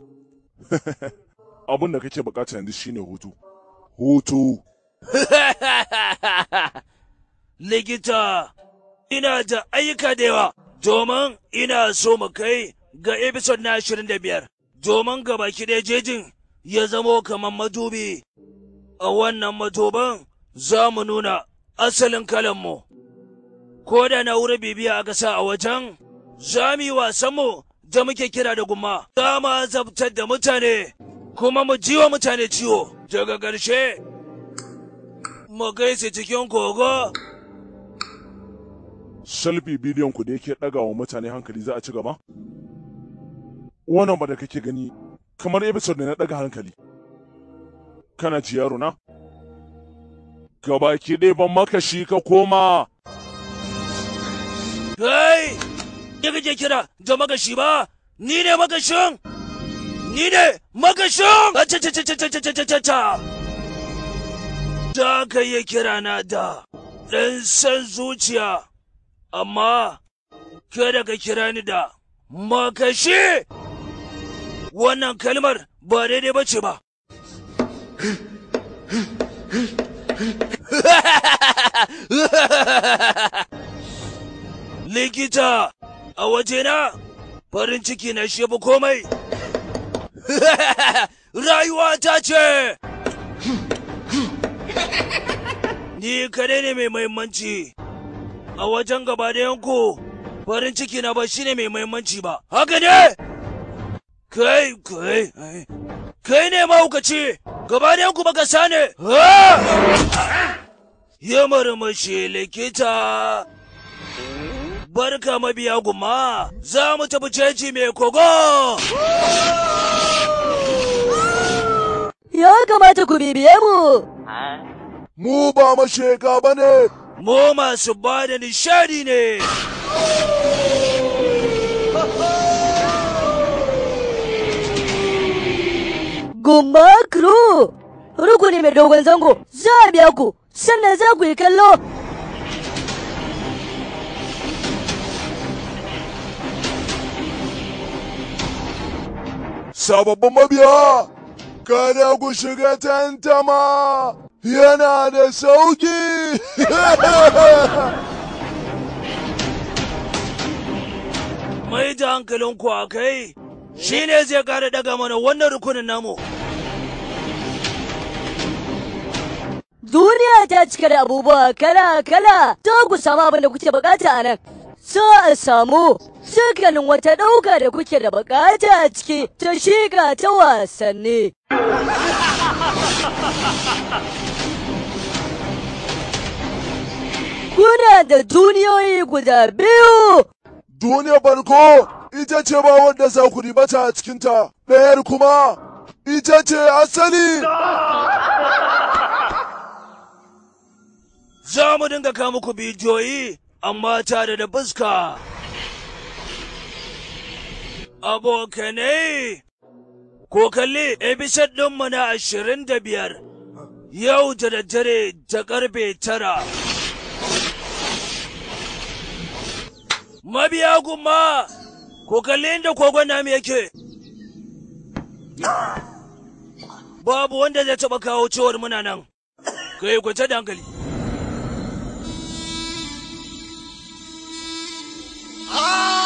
abin da kake bukata yanzu shine hutu hutu likita ina da ayyuka da yawa domin ina so mu kai ga episode na 25 domin gaba ɗaya jejin ya zamo kamar madubi. A wannan matuban za mu nuna asalin kalanmu, ko da na wuri bibiya a sa a wajen, za mu yi wasanmu da muke kira da gumma, za mu azabtar da mutane, kuma mu ji wa mutane ciwo daga ƙarshe. Mu gaisa cikin kogo. Salfi bidiyon ku da yake ɗaga wa mutane hankali za a ci gaba? wannan ba da kake gani kamar episode ne na daga hankali kana ji yaro na gabaki dai ban maka shi ka koma kai ya kake kira da magashi ba ni ne magashin ni ne magashin ta ah, ka yi kira na da ɗan san zuciya amma kada ka kira ni da makashi wannan kalmar ba daidai ba ce ba likita a wajena farin ciki na shi komai rayuwa ta ce ni kare ne mai muhimmanci a wajen gaba da yanku farin ciki na ba ne mai muhimmanci ba haka ne kai kai kai ne mahaukaci gabanin ku baka ne? ya marmashi likita barka mabiya guma za mu tafi jeji mai kogo ya kamata ku bibiye mu mu ba masheka ba ne mu masu ba da nishadi ne Gumba Crew. ruku mai dogon zango za a biya ku sannan za ku yi kallo. mabiya, kada ku shiga tantama yana da sauki. Mai da hankalinku a kai. Shi ne zai kara daga mana wannan rukunin namu. Duniya ta cika da abubuwa kala-kala, ta ku samu abin da kuke bukata a nan. Za a samu dukkanin wata ɗauka da kuke da bukata a ciki ta shiga ta wasanni. Kuna da duniyoyi guda biyu Duniyar farko ita ce ba wanda za ku ta a cikinta, ɗayar kuma ita ce asali. Za mu dinga kawo muku bidiyoyi amma tare da fuska. Abokanai, ko kalli ebishan ɗinmu na ashirin da biyar, yau da daddare da ƙarfe tara. mabiya kuma ko kalli inda kogon namu yake babu wanda zai taɓa kawo cewar muna nan kai kwance da Ah!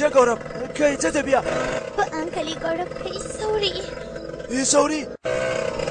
je gaurab kai ta tafiya ba hankali kai sauri yi eh, sauri